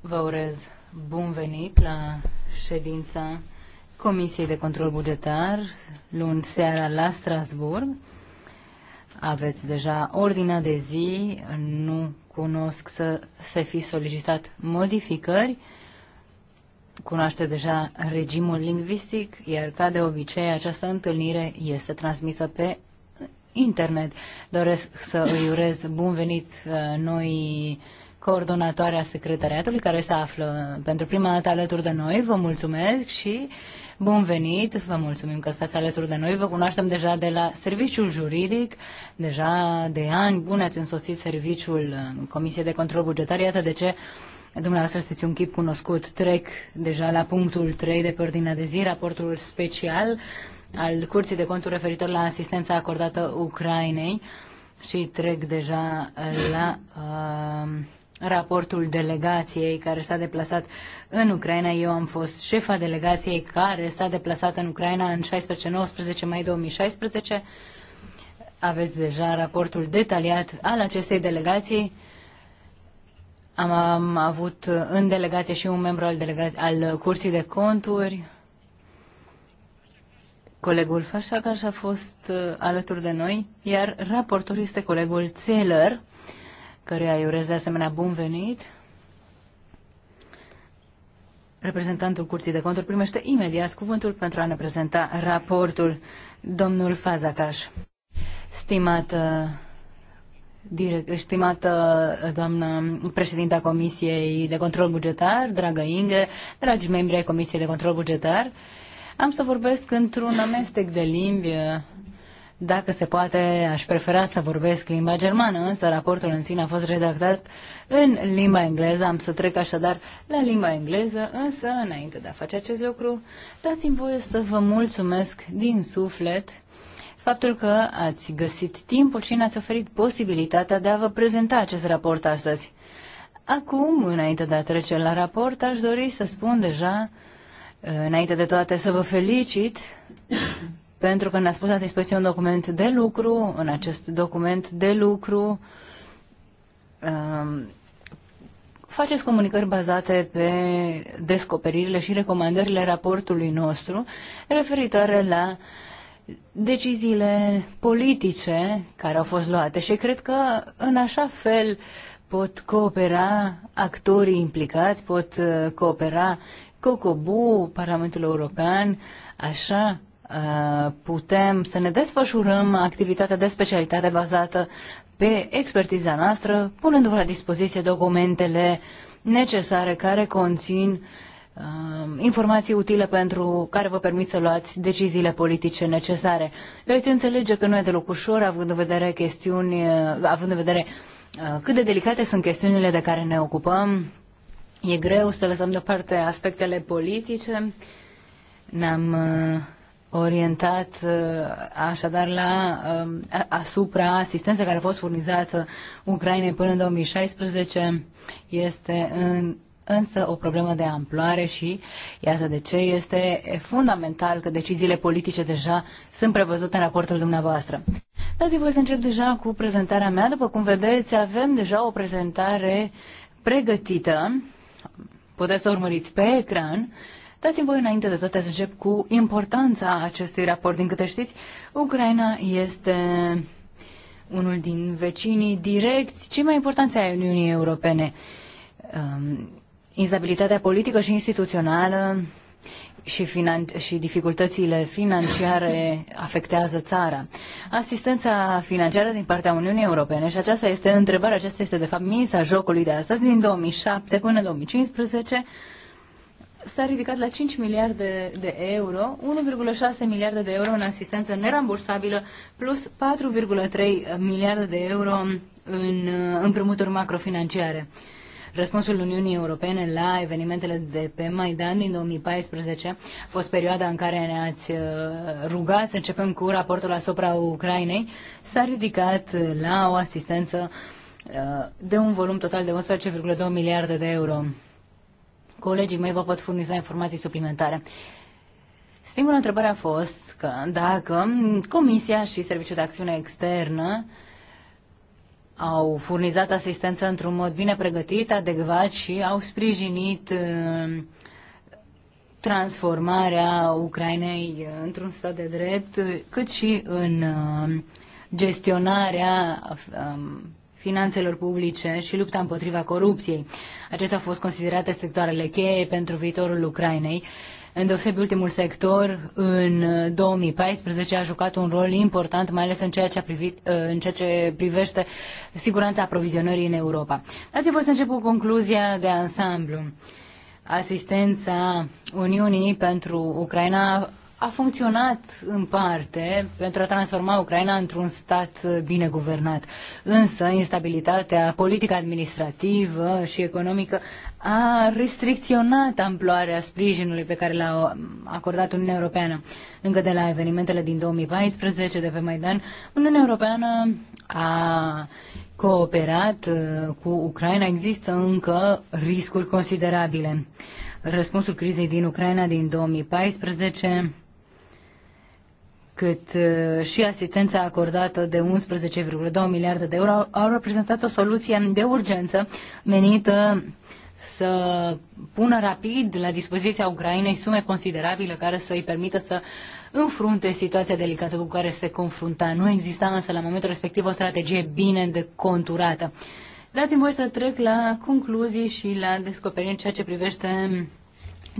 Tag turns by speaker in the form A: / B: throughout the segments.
A: Vă urez bun venit la ședința Comisiei de Control Bugetar, luni seara la Strasburg. Aveți deja ordinea de zi, nu cunosc să se fi solicitat modificări, cunoaște deja regimul lingvistic, iar ca de obicei această întâlnire este transmisă pe internet. Doresc să îi urez bun venit uh, noi coordonatoarea secretariatului care se află pentru prima dată alături de noi. Vă mulțumesc și bun venit, vă mulțumim că stați alături de noi. Vă cunoaștem deja de la serviciul juridic, deja de ani bune ați însoțit serviciul uh, Comisiei de Control Bugetar, iată de ce Dumneavoastră sunteți un chip cunoscut. Trec deja la punctul 3 de pe ordinea de zi, raportul special al Curții de Conturi referitor la asistența acordată Ucrainei și trec deja uh, la uh, raportul delegației care s-a deplasat în Ucraina. Eu am fost șefa delegației care s-a deplasat în Ucraina în 16-19 mai 2016. Aveți deja raportul detaliat al acestei delegații. Am, am avut uh, în delegație și un membru al, delega- al Curții de Conturi Colegul Fașacaș a fost uh, alături de noi, iar raportor este colegul Țeler, căruia îi urez de asemenea bun venit. Reprezentantul Curții de Conturi primește imediat cuvântul pentru a ne prezenta raportul, domnul Fazacaș. Stimată Direct, stimată doamnă președinta Comisiei de Control Bugetar, dragă Inge, dragi membri ai Comisiei de Control Bugetar, am să vorbesc într-un amestec de limbi. Dacă se poate, aș prefera să vorbesc limba germană, însă raportul în sine a fost redactat în limba engleză. Am să trec așadar la limba engleză, însă înainte de a face acest lucru, dați-mi voie să vă mulțumesc din suflet faptul că ați găsit timpul și ne-ați oferit posibilitatea de a vă prezenta acest raport astăzi. Acum, înainte de a trece la raport, aș dori să spun deja Înainte de toate să vă felicit pentru că ne-a spus la dispoziție un document de lucru. În acest document de lucru um, faceți comunicări bazate pe descoperirile și recomandările raportului nostru referitoare la deciziile politice care au fost luate și cred că în așa fel pot coopera actorii implicați, pot uh, coopera COCOBU, Parlamentul European, așa putem să ne desfășurăm activitatea de specialitate bazată pe expertiza noastră, punându-vă la dispoziție documentele necesare care conțin informații utile pentru care vă permit să luați deciziile politice necesare. Veți înțelege că nu e deloc ușor, având în vedere chestiuni, având în vedere cât de delicate sunt chestiunile de care ne ocupăm, E greu să lăsăm deoparte aspectele politice. Ne-am uh, orientat uh, așadar la um, asupra asistenței care a fost furnizată Ucrainei până în 2016 este în, însă o problemă de amploare și iată de ce este fundamental că deciziile politice deja sunt prevăzute în raportul dumneavoastră. Dați-vă voi să încep deja cu prezentarea mea. După cum vedeți, avem deja o prezentare pregătită puteți să urmăriți pe ecran. Dați-mi voi înainte de toate să încep cu importanța acestui raport. Din câte știți, Ucraina este unul din vecinii direcți, cei mai importanți ai Uniunii Europene. Um, instabilitatea politică și instituțională și, finan- și dificultățile financiare afectează țara. Asistența financiară din partea Uniunii Europene, și aceasta este întrebarea, aceasta este de fapt misa jocului de astăzi, din 2007 până 2015, s-a ridicat la 5 miliarde de euro, 1,6 miliarde de euro în asistență nerambursabilă, plus 4,3 miliarde de euro în împrumuturi macrofinanciare. Uh, Răspunsul Uniunii Europene la evenimentele de pe Maidan din 2014 a fost perioada în care ne-ați uh, rugat să începem cu raportul asupra Ucrainei. S-a ridicat la o asistență uh, de un volum total de 11,2 miliarde de euro. Colegii mei vă pot furniza informații suplimentare. Singura întrebare a fost că dacă Comisia și Serviciul de Acțiune Externă uh, au furnizat asistență într-un mod bine pregătit, adecvat și au sprijinit uh, transformarea Ucrainei uh, într-un stat de drept, cât și în uh, gestionarea um, finanțelor publice și lupta împotriva corupției. Acestea au fost considerate sectoarele cheie pentru viitorul Ucrainei în deosebi ultimul sector în 2014 uh, a jucat un rol important, mai ales în ceea ce, a privit, uh, în ceea ce privește siguranța aprovizionării în Europa. Dați-vă să încep cu concluzia de ansamblu. Asistența Uniunii pentru Ucraina a funcționat în parte pentru a transforma Ucraina într-un stat bine guvernat. Însă, instabilitatea politică, administrativă și economică a restricționat amploarea sprijinului pe care l-a acordat Uniunea Europeană. Încă de la evenimentele din 2014, de pe Maidan, Uniunea Europeană a cooperat uh, cu Ucraina. Există încă riscuri considerabile. Răspunsul crizei din Ucraina din 2014 cât uh, și asistența acordată de 11,2 miliarde de euro au reprezentat o soluție de urgență menită să pună rapid la dispoziția Ucrainei sume considerabile care să îi permită să înfrunte situația delicată cu care se confrunta. Nu exista însă la momentul respectiv o strategie bine de conturată. Dați-mi voi să trec la concluzii și la descoperiri în ceea ce privește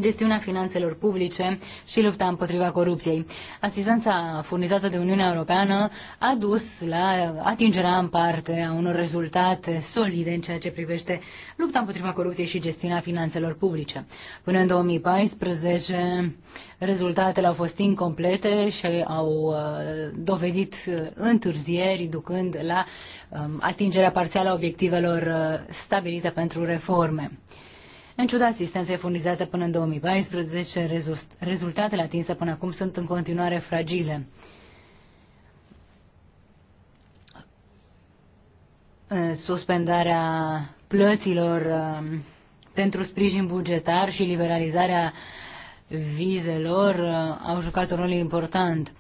A: gestiunea finanțelor publice și lupta împotriva corupției. Asistența furnizată de Uniunea Europeană a dus la atingerea în parte a unor rezultate solide în ceea ce privește lupta împotriva corupției și gestiunea finanțelor publice. Până în 2014, rezultatele au fost incomplete și au uh, dovedit uh, întârzieri, ducând la um, atingerea parțială a obiectivelor uh, stabilite pentru reforme. În ciuda asistenței furnizate până în 2014, rezultatele atinse până acum sunt în continuare fragile. Suspendarea plăților um, pentru sprijin bugetar și liberalizarea vizelor uh, au jucat un rol important.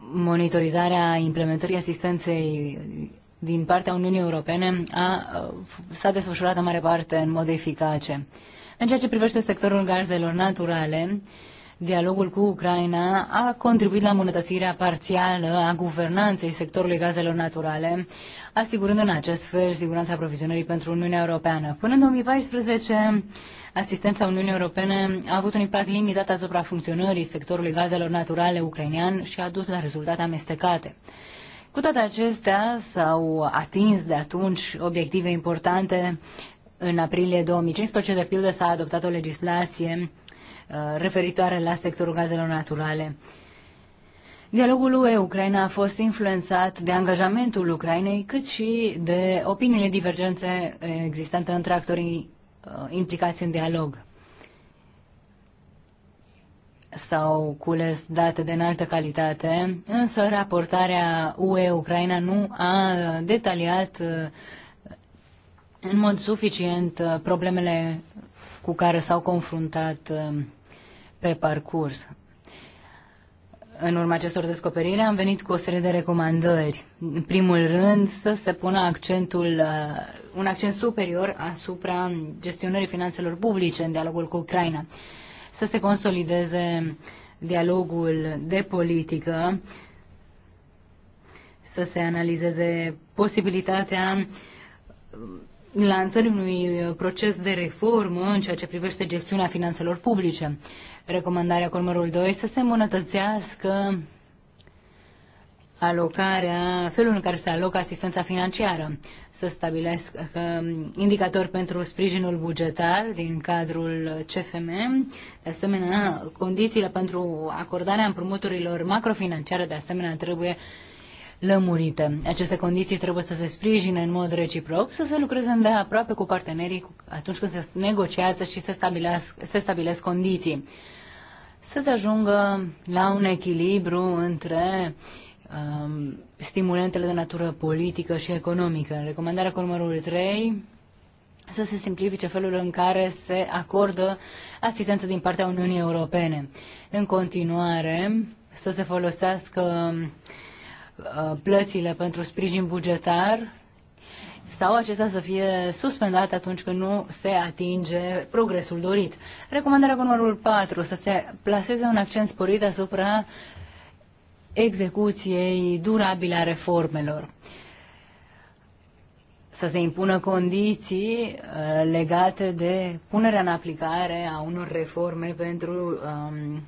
A: Monitorizarea implementării asistenței din partea Uniunii Europene a, s-a desfășurat în mare parte în mod eficace. În ceea ce privește sectorul gazelor naturale, dialogul cu Ucraina a contribuit la îmbunătățirea parțială a guvernanței sectorului gazelor naturale, asigurând în acest fel siguranța aprovizionării pentru Uniunea Europeană. Până în 2014, asistența Uniunii Europene a avut un impact limitat asupra funcționării sectorului gazelor naturale ucrainean și a dus la rezultate amestecate. Cu toate acestea, s-au atins de atunci obiective importante. În aprilie 2015, de pildă, s-a adoptat o legislație uh, referitoare la sectorul gazelor naturale. Dialogul UE-Ucraina a fost influențat de angajamentul Ucrainei, cât și de opiniile divergente existente între actorii uh, implicați în dialog sau cules date de înaltă calitate, însă raportarea UE-Ucraina nu a detaliat uh, în mod suficient uh, problemele cu care s-au confruntat uh, pe parcurs. În urma acestor descoperiri am venit cu o serie de recomandări. În primul rând, să se pună accentul, un accent superior asupra gestionării finanțelor publice în dialogul cu Ucraina să se consolideze dialogul de politică, să se analizeze posibilitatea lansării unui proces de reformă în ceea ce privește gestiunea finanțelor publice. Recomandarea cu numărul 2 să se îmbunătățească alocarea, felul în care se alocă asistența financiară, să stabilesc um, indicatori pentru sprijinul bugetar din cadrul CFM, de asemenea, condițiile pentru acordarea împrumuturilor macrofinanciare, de asemenea, trebuie lămurite. Aceste condiții trebuie să se sprijine în mod reciproc, să se lucreze îndeaproape cu partenerii atunci când se negociază și se stabilesc, se stabilesc condiții. Să se ajungă la un echilibru între uh, um, stimulentele de natură politică și economică. Recomandarea cu numărul 3 să se simplifice felul în care se acordă asistență din partea Uniunii Europene. În continuare, să se folosească uh, plățile pentru sprijin bugetar sau acesta să fie suspendat atunci când nu se atinge progresul dorit. Recomandarea cu numărul 4, să se placeze un accent sporit asupra execuției durabile a reformelor. Să se impună condiții uh, legate de punerea în aplicare a unor reforme pentru um,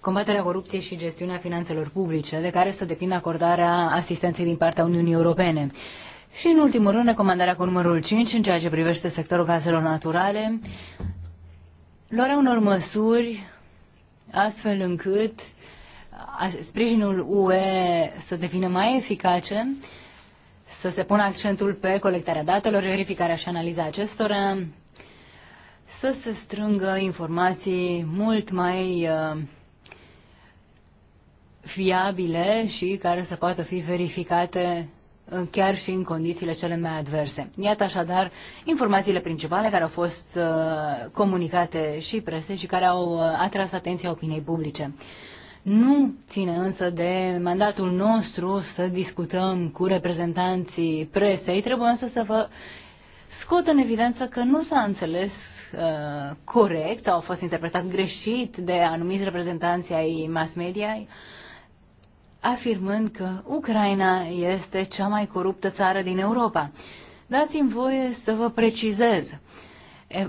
A: combaterea corupției și gestiunea finanțelor publice, de care să depindă acordarea asistenței din partea Uniunii Europene. Și, în ultimul rând, recomandarea cu numărul 5, în ceea ce privește sectorul gazelor naturale, luarea unor măsuri astfel încât uh, sprijinul UE să devină mai eficace, să se pună accentul pe colectarea datelor, verificarea și analiza acestora, să se strângă informații mult mai fiabile și care să poată fi verificate chiar și în condițiile cele mai adverse. Iată așadar informațiile principale care au fost comunicate și prese și care au atras atenția opiniei publice. Nu ține însă de mandatul nostru să discutăm cu reprezentanții presei, trebuie însă să vă scot în evidență că nu s-a înțeles uh, corect sau a fost interpretat greșit de anumiți reprezentanții ai mass media afirmând că Ucraina este cea mai coruptă țară din Europa. Dați-mi voie să vă precizez. E,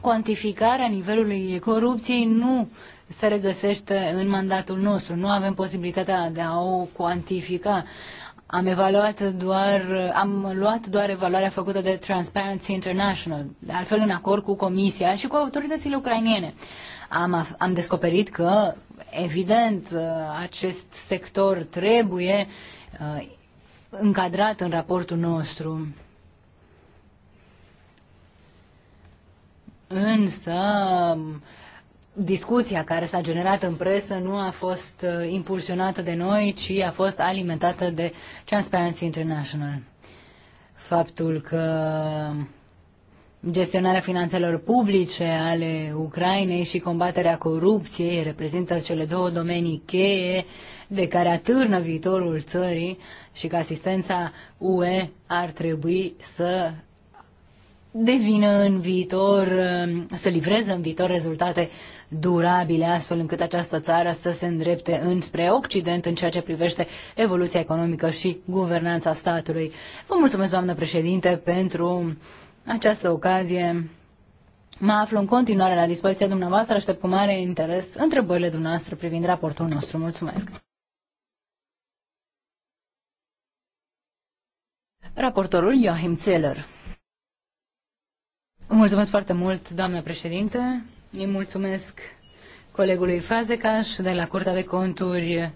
A: Cuantificarea nivelului corupției nu se regăsește în mandatul nostru. Nu avem posibilitatea de a o cuantifica. Am evaluat doar, am luat doar evaluarea făcută de Transparency International, de altfel în acord cu Comisia și cu autoritățile ucrainiene. Am, am descoperit că, evident, acest sector trebuie uh, încadrat în raportul nostru. Însă, discuția care s-a generat în presă nu a fost uh, impulsionată de noi, ci a fost alimentată de Transparency International. Faptul că gestionarea finanțelor publice ale Ucrainei și combaterea corupției reprezintă cele două domenii cheie de care atârnă viitorul țării și că asistența UE ar trebui să devină în viitor, um, să livreze în viitor rezultate durabile, astfel încât această țară să se îndrepte înspre Occident în ceea ce privește evoluția economică și guvernanța statului. Vă mulțumesc, doamnă președinte, pentru această ocazie. Mă aflu în continuare la dispoziția dumneavoastră, aștept cu mare interes întrebările dumneavoastră privind raportul nostru. Mulțumesc! Raportorul Joachim Zeller Mulțumesc foarte mult, doamnă președinte. Îi mulțumesc colegului Fazecaș de la Curtea de Conturi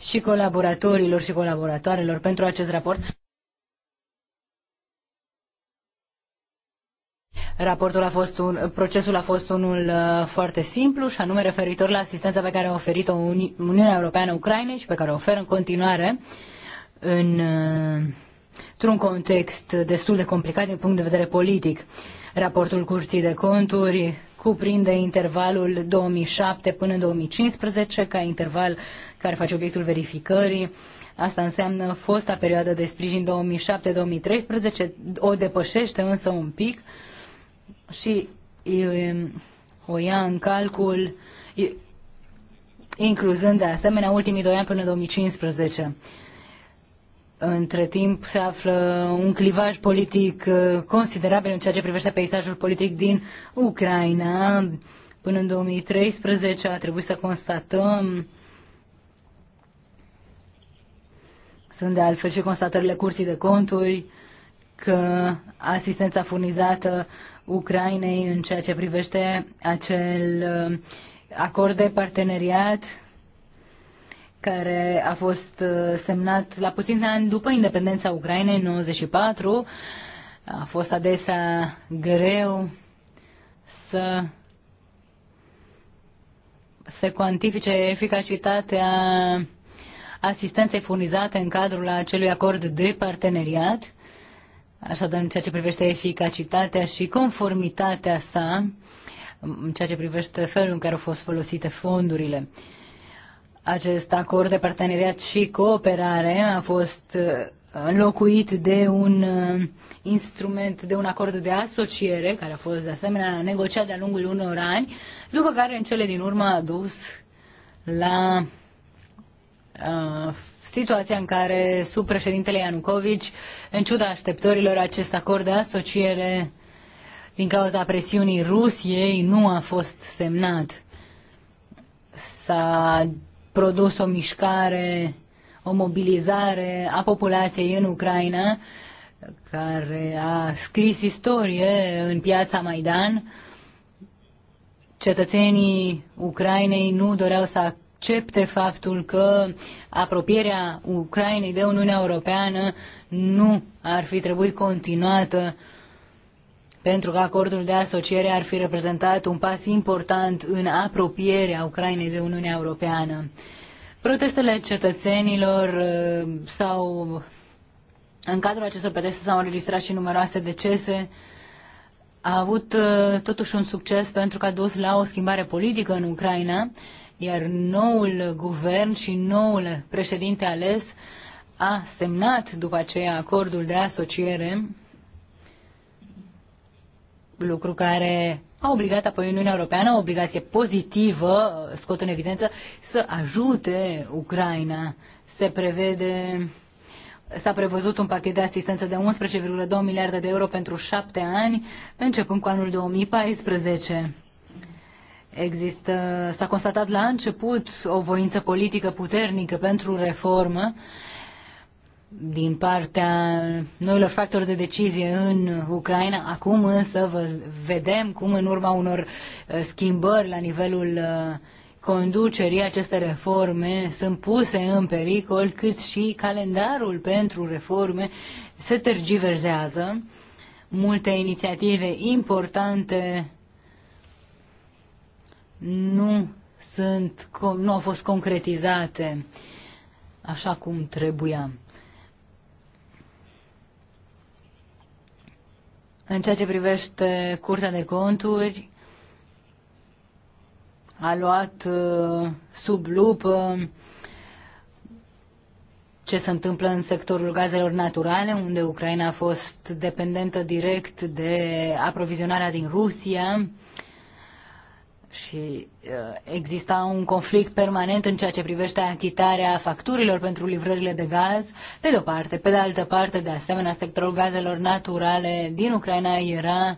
A: și colaboratorilor și colaboratoarelor pentru acest raport. Raportul a fost un, procesul a fost unul uh, foarte simplu și anume referitor la asistența pe care a oferit-o Uni Uniunea Europeană Ucrainei și pe care o oferă în continuare în, uh, într-un context destul de complicat din punct de vedere politic. Raportul Curții de Conturi cuprinde intervalul 2007 până 2015 ca interval care face obiectul verificării. Asta înseamnă fosta perioadă de sprijin 2007-2013, o depășește însă un pic și um, o ia în calcul incluzând de asemenea ultimii doi ani până 2015. Între timp se află un clivaj politic uh, considerabil în ceea ce privește peisajul politic din Ucraina. Până în 2013 a trebuit să constatăm sunt de altfel și constatările curții de conturi că asistența furnizată Ucrainei în ceea ce privește acel uh, acord de parteneriat care a fost uh, semnat la puțin ani după independența Ucrainei, în 94. A fost adesea greu să se cuantifice eficacitatea asistenței furnizate în cadrul acelui acord de parteneriat. Așadar, în ceea ce privește eficacitatea și conformitatea sa, în ceea ce privește felul în care au fost folosite fondurile. Uh, acest acord de parteneriat și cooperare a fost uh, înlocuit de un uh, instrument, de un acord de asociere, care a fost de asemenea negociat de-a lungul unor ani, după care în cele din urmă a dus la uh, situația în care sub președintele Ianucovici, în ciuda așteptărilor, acest acord de asociere din cauza presiunii Rusiei nu a fost semnat. S-a produs o mișcare, o mobilizare a populației în Ucraina, care a scris istorie în piața Maidan. Cetățenii Ucrainei nu doreau să accepte faptul că apropierea Ucrainei de Uniunea Europeană nu ar fi trebuit continuată uh, pentru că acordul de asociere ar fi reprezentat un pas important în apropierea Ucrainei de Uniunea Europeană. Protestele cetățenilor uh, sau în cadrul acestor proteste s-au înregistrat și numeroase decese. A avut uh, totuși un succes pentru că a dus la o schimbare politică în Ucraina, iar noul guvern și noul președinte ales a semnat după aceea acordul de asociere lucru care a obligat apoi Uniunea Europeană, o obligație pozitivă, scot în evidență, să ajute Ucraina. Se prevede S-a prevăzut un pachet de asistență de 11,2 miliarde de euro pentru șapte ani, începând cu anul 2014. Există, s-a constatat la început o voință politică puternică pentru reformă, din partea noilor factori de decizie în Ucraina. Acum însă vă vedem cum în urma unor uh, schimbări la nivelul uh, conducerii aceste reforme sunt puse în pericol, cât și calendarul pentru reforme se tergiversează. Multe inițiative importante nu, sunt, nu au fost concretizate așa cum trebuia. În ceea ce privește Curtea de Conturi, a luat uh, sub lupă ce se întâmplă în sectorul gazelor naturale, unde Ucraina a fost dependentă direct de aprovizionarea din Rusia și uh, exista un conflict permanent în ceea ce privește achitarea facturilor pentru livrările de gaz, pe de-o parte. Pe de altă parte, de asemenea, sectorul gazelor naturale din Ucraina era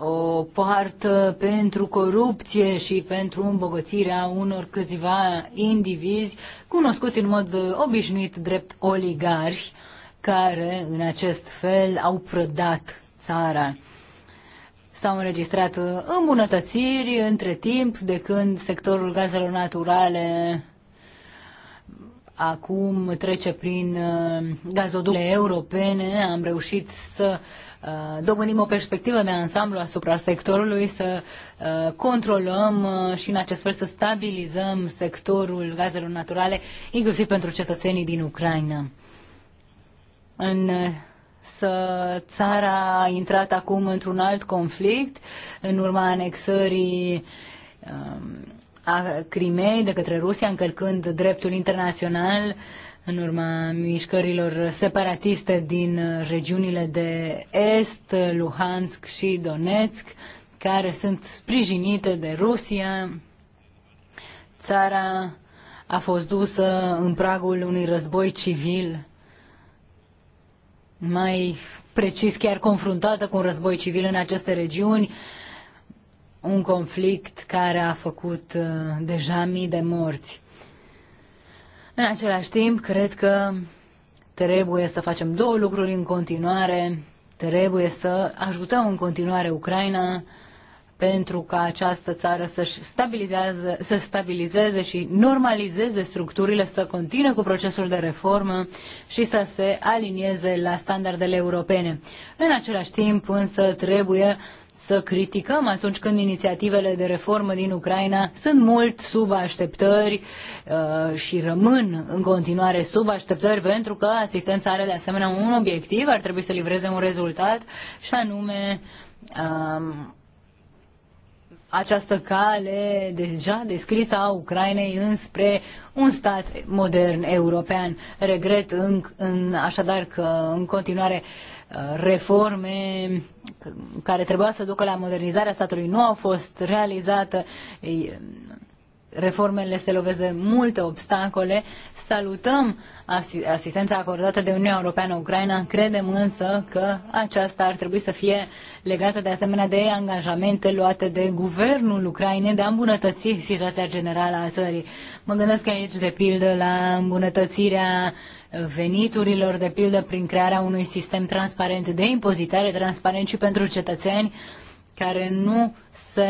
A: o poartă pentru corupție și pentru îmbogățirea unor câțiva indivizi cunoscuți în mod obișnuit drept oligari, care în acest fel au prădat țara. S-au înregistrat uh, îmbunătățiri între timp de când sectorul gazelor naturale acum trece prin uh, gazoductele europene. Am reușit să uh, dobândim o perspectivă de ansamblu asupra sectorului, să controlăm și în acest fel să stabilizăm sectorul gazelor naturale, inclusiv pentru cetățenii din Ucraina. În să țara a intrat acum într-un alt conflict în urma anexării um, a Crimei de către Rusia, încălcând dreptul internațional în urma mișcărilor separatiste din regiunile de Est, Luhansk și Donetsk, care sunt sprijinite de Rusia. Țara a fost dusă în pragul unui război civil mai precis chiar confruntată cu un război civil în aceste regiuni, un conflict care a făcut uh, deja mii de morți. În același timp, cred că trebuie să facem două lucruri în continuare. Trebuie să ajutăm în continuare Ucraina pentru ca această țară să-și să stabilizeze și normalizeze structurile, să continue cu procesul de reformă și să se alinieze la standardele europene. În același timp, însă, trebuie să criticăm atunci când inițiativele de reformă din Ucraina sunt mult sub așteptări uh, și rămân în continuare sub așteptări pentru că asistența are de asemenea un obiectiv, ar trebui să livreze un rezultat și anume uh, această cale deja descrisă a Ucrainei înspre un stat modern european. Regret în, în, așadar că în continuare uh, reforme care trebuia să ducă la modernizarea statului nu au fost realizate reformele se lovesc de multe obstacole. Salutăm asistența acordată de Uniunea Europeană Ucraina, credem însă că aceasta ar trebui să fie legată de asemenea de angajamente luate de guvernul Ucrainei de a îmbunătăți situația generală a țării. Mă gândesc aici de pildă la îmbunătățirea veniturilor, de pildă prin crearea unui sistem transparent de impozitare, transparent și pentru cetățeni, care nu să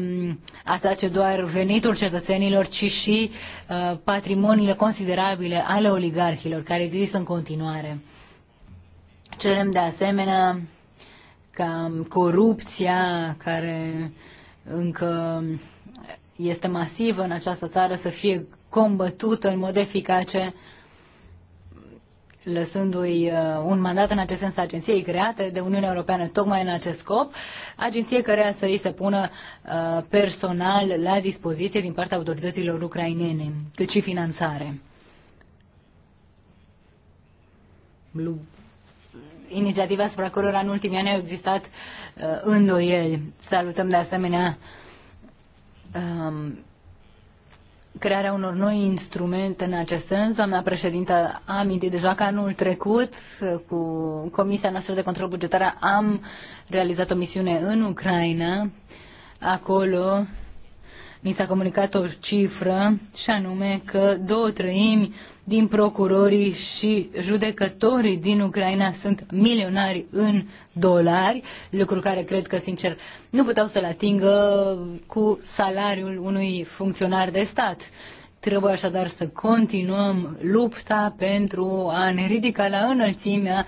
A: mm, atace doar venitul cetățenilor, ci și uh, patrimoniile considerabile ale oligarhilor care există în continuare. Cerem de asemenea ca mm, corupția care încă este masivă în această țară să fie combătută în mod eficace lăsându-i uh, un mandat în acest sens agenției create de Uniunea Europeană tocmai în acest scop, agenție care să îi se pună uh, personal la dispoziție din partea autorităților ucrainene, cât și finanțare. Blue. Inițiativa asupra cărora în ultimii ani au existat uh, îndoieli. Salutăm de asemenea um, crearea unor noi instrumente în acest sens. Doamna președintă am amintit deja că anul trecut cu Comisia noastră de control bugetar am realizat o misiune în Ucraina. Acolo Ni s-a comunicat o cifră și anume că două trăimi din procurorii și judecătorii din Ucraina sunt milionari în dolari, lucru care cred că, sincer, nu puteau să-l atingă cu salariul unui funcționar de stat. Trebuie așadar să continuăm lupta pentru a ne ridica la înălțimea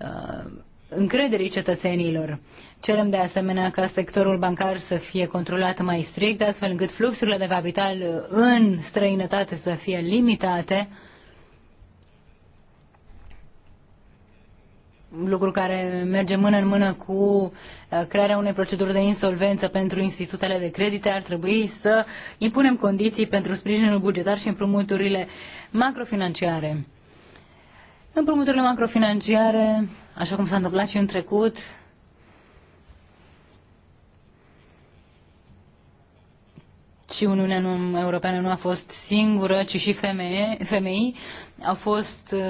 A: uh, încrederii cetățenilor. Cerem de asemenea ca sectorul bancar să fie controlat mai strict, astfel încât fluxurile de capital uh, în străinătate să fie limitate, lucru care merge mână în mână cu uh, crearea unei proceduri de insolvență pentru institutele de credite, ar trebui să impunem condiții pentru sprijinul bugetar și împrumuturile macrofinanciare. Împrumuturile macrofinanciare așa cum s-a întâmplat și în trecut, și Uniunea nu, Europeană nu a fost singură, ci și femeie, femei au fost uh,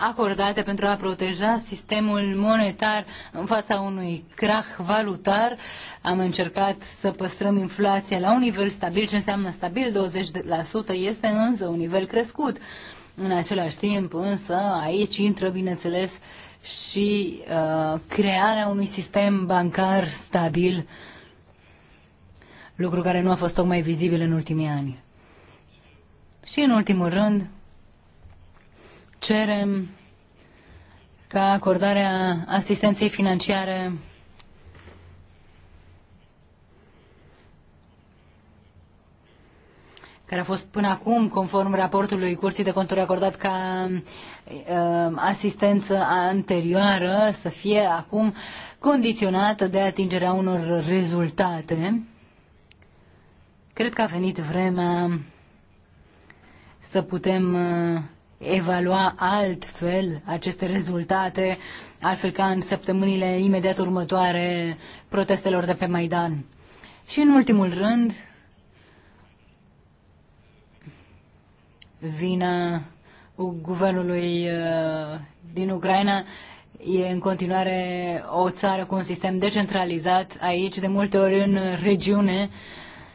A: acordate pentru a proteja sistemul monetar în fața unui crach valutar. Am încercat să păstrăm inflația la un nivel stabil, ce înseamnă stabil 20%, este însă un nivel crescut. În același timp, însă, aici intră, bineînțeles, uh, și uh, crearea unui sistem bancar stabil, lucru care nu a fost tocmai vizibil în ultimii ani. Și în ultimul rând, cerem ca acordarea asistenței financiare care a fost până acum, conform raportului Curții de Conturi acordat ca Ehm, asistență anterioară să fie acum condiționată de atingerea unor rezultate. Cred că a venit vremea să putem eh, evalua altfel aceste rezultate, altfel ca în săptămânile imediat următoare protestelor de pe Maidan. Și în ultimul rând, vina guvernului uh, din Ucraina e în continuare o țară cu un sistem decentralizat. Aici, de multe ori în regiune,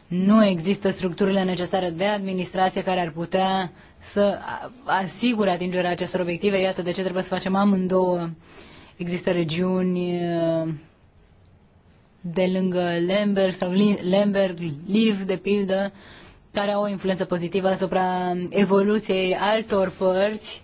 A: nu există structurile necesare de administrație care ar putea să asigure atingerea acestor obiective. Iată de ce trebuie să facem amândouă. Există regiuni uh, de lângă Lemberg sau Lemberg, Liv, de pildă, care au o influență pozitivă asupra evoluției altor părți.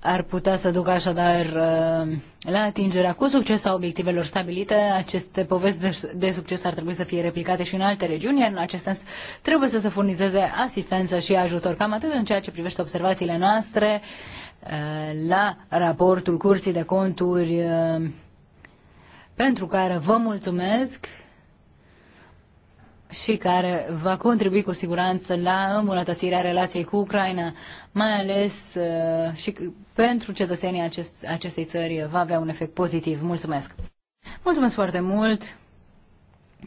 A: Ar putea să ducă așadar uh, la atingerea cu succes a obiectivelor stabilite. Aceste povesti de, succes ar trebui să fie replicate și în alte regiuni, iar în acest sens trebuie să se furnizeze asistență și ajutor. Cam atât în ceea ce privește observațiile noastre uh, la raportul Curții de Conturi uh, pentru care vă mulțumesc și care va contribui cu siguranță la îmbunătățirea relației cu Ucraina, mai ales uh, și pentru cetățenii acest, acestei țări va avea un efect pozitiv. Mulțumesc! Mulțumesc foarte mult!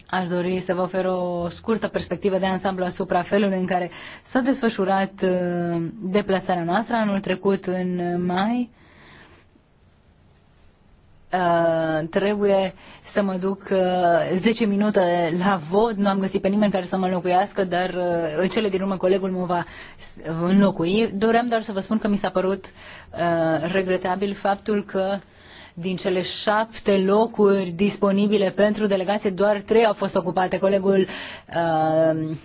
A: Aș dori să vă ofer o scurtă perspectivă de ansamblu asupra felului în care s-a desfășurat uh, deplasarea noastră anul trecut în mai. Uh, trebuie să mă duc uh, 10 minute la vot, nu am găsit pe nimeni care să mă înlocuiască, dar uh, în cele din urmă colegul mă va înlocui. Doream doar să vă spun că mi s-a părut uh, regretabil faptul că din cele șapte locuri disponibile pentru delegație, doar trei au fost ocupate. Colegul uh,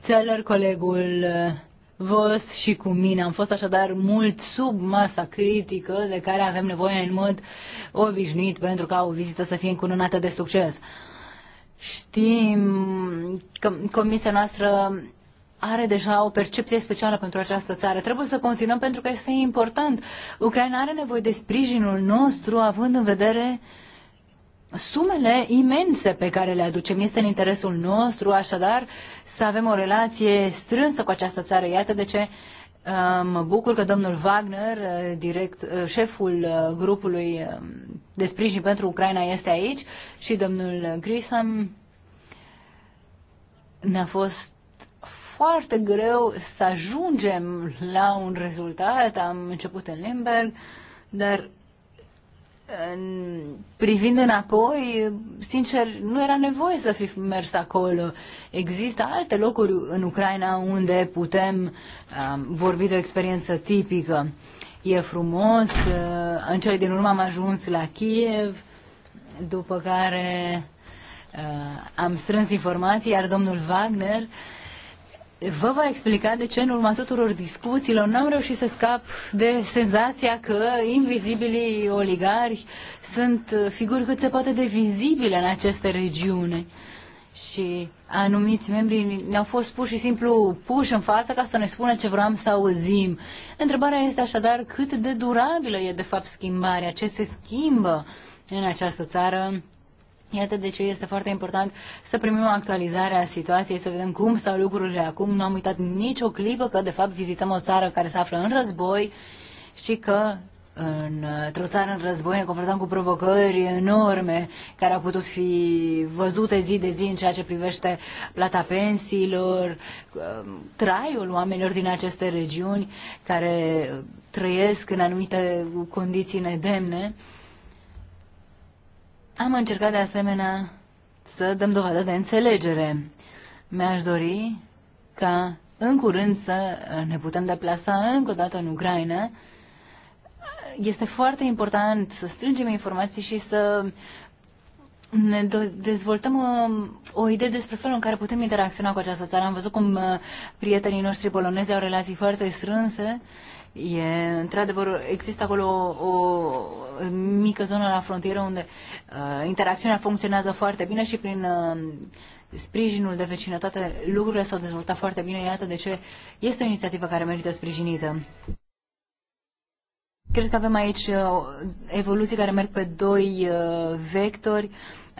A: Țeller, colegul uh, Vos și cu mine. Am fost așadar mult sub masa critică de care avem nevoie în mod obișnuit pentru ca o vizită să fie încununată de succes. Știm că comisia noastră are deja o percepție specială pentru această țară. Trebuie să continuăm pentru că este important. Ucraina are nevoie de sprijinul nostru, având în vedere uh, sumele imense pe care le aducem. Este în interesul nostru, așadar, să avem o relație strânsă cu această țară. Iată de ce uh, mă bucur că domnul Wagner, uh, direct, uh, șeful grupului de sprijin pentru Ucraina, este aici și domnul Grisam ne-a fost foarte greu să ajungem la un rezultat. Am început în Limberg, dar privind înapoi, sincer, nu era nevoie să fi mers acolo. Există alte locuri în Ucraina unde putem uh, vorbi de o experiență tipică. E frumos, uh, în cele din urmă am ajuns la Kiev, după care uh, am strâns informații, iar domnul Wagner uh, vă va explica de ce în urma tuturor discuțiilor n-am reușit să scap de senzația că invizibilii oligari sunt uh, figuri cât se poate de vizibile în aceste regiune. Și anumiți membri ne-au fost pur și simplu puși în față ca să ne spună ce vreau să auzim. Întrebarea este așadar cât de durabilă e de fapt schimbarea, ce se schimbă în această țară Iată de ce este foarte important să primim actualizarea situației, să vedem cum stau lucrurile acum. Nu am uitat nicio clipă că, de fapt, vizităm o țară care se află în război și că într-o țară în război ne confruntăm cu provocări enorme care au putut fi văzute zi de zi în ceea ce privește plata pensiilor, um, traiul oamenilor din aceste regiuni care trăiesc în anumite condiții nedemne. Am încercat de asemenea să dăm dovadă de înțelegere. Mi-aș dori ca în curând să ne putem deplasa încă o dată în Ucraina. Este foarte important să strângem informații și să ne dezvoltăm o, uh, o idee despre felul în care putem interacționa cu această țară. Am văzut cum uh, prietenii noștri polonezi au relații foarte strânse E, într-adevăr, există acolo o, o mică zonă la frontieră unde uh, interacțiunea funcționează foarte bine și prin uh, sprijinul de vecinătate lucrurile s-au dezvoltat foarte bine. Iată de ce este o inițiativă care merită sprijinită. Cred că avem aici uh, evoluții care merg pe doi uh, vectori.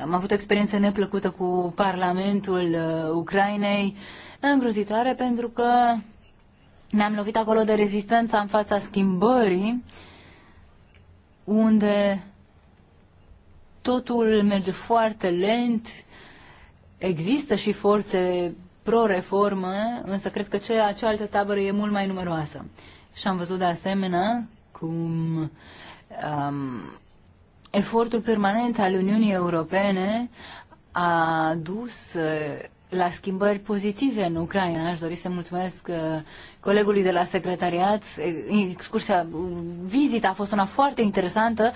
A: Am avut o experiență neplăcută cu Parlamentul uh, Ucrainei, îngrozitoare pentru că ne-am lovit acolo de rezistența în fața schimbării, unde totul merge foarte lent, există și forțe pro-reformă, însă cred că cea, cealaltă tabără e mult mai numeroasă. Și am văzut de asemenea cum um, efortul permanent al Uniunii Europene a dus uh, la schimbări pozitive în Ucraina. Aș dori să mulțumesc uh, colegului de la secretariat. Excursia, vizita a fost una foarte interesantă.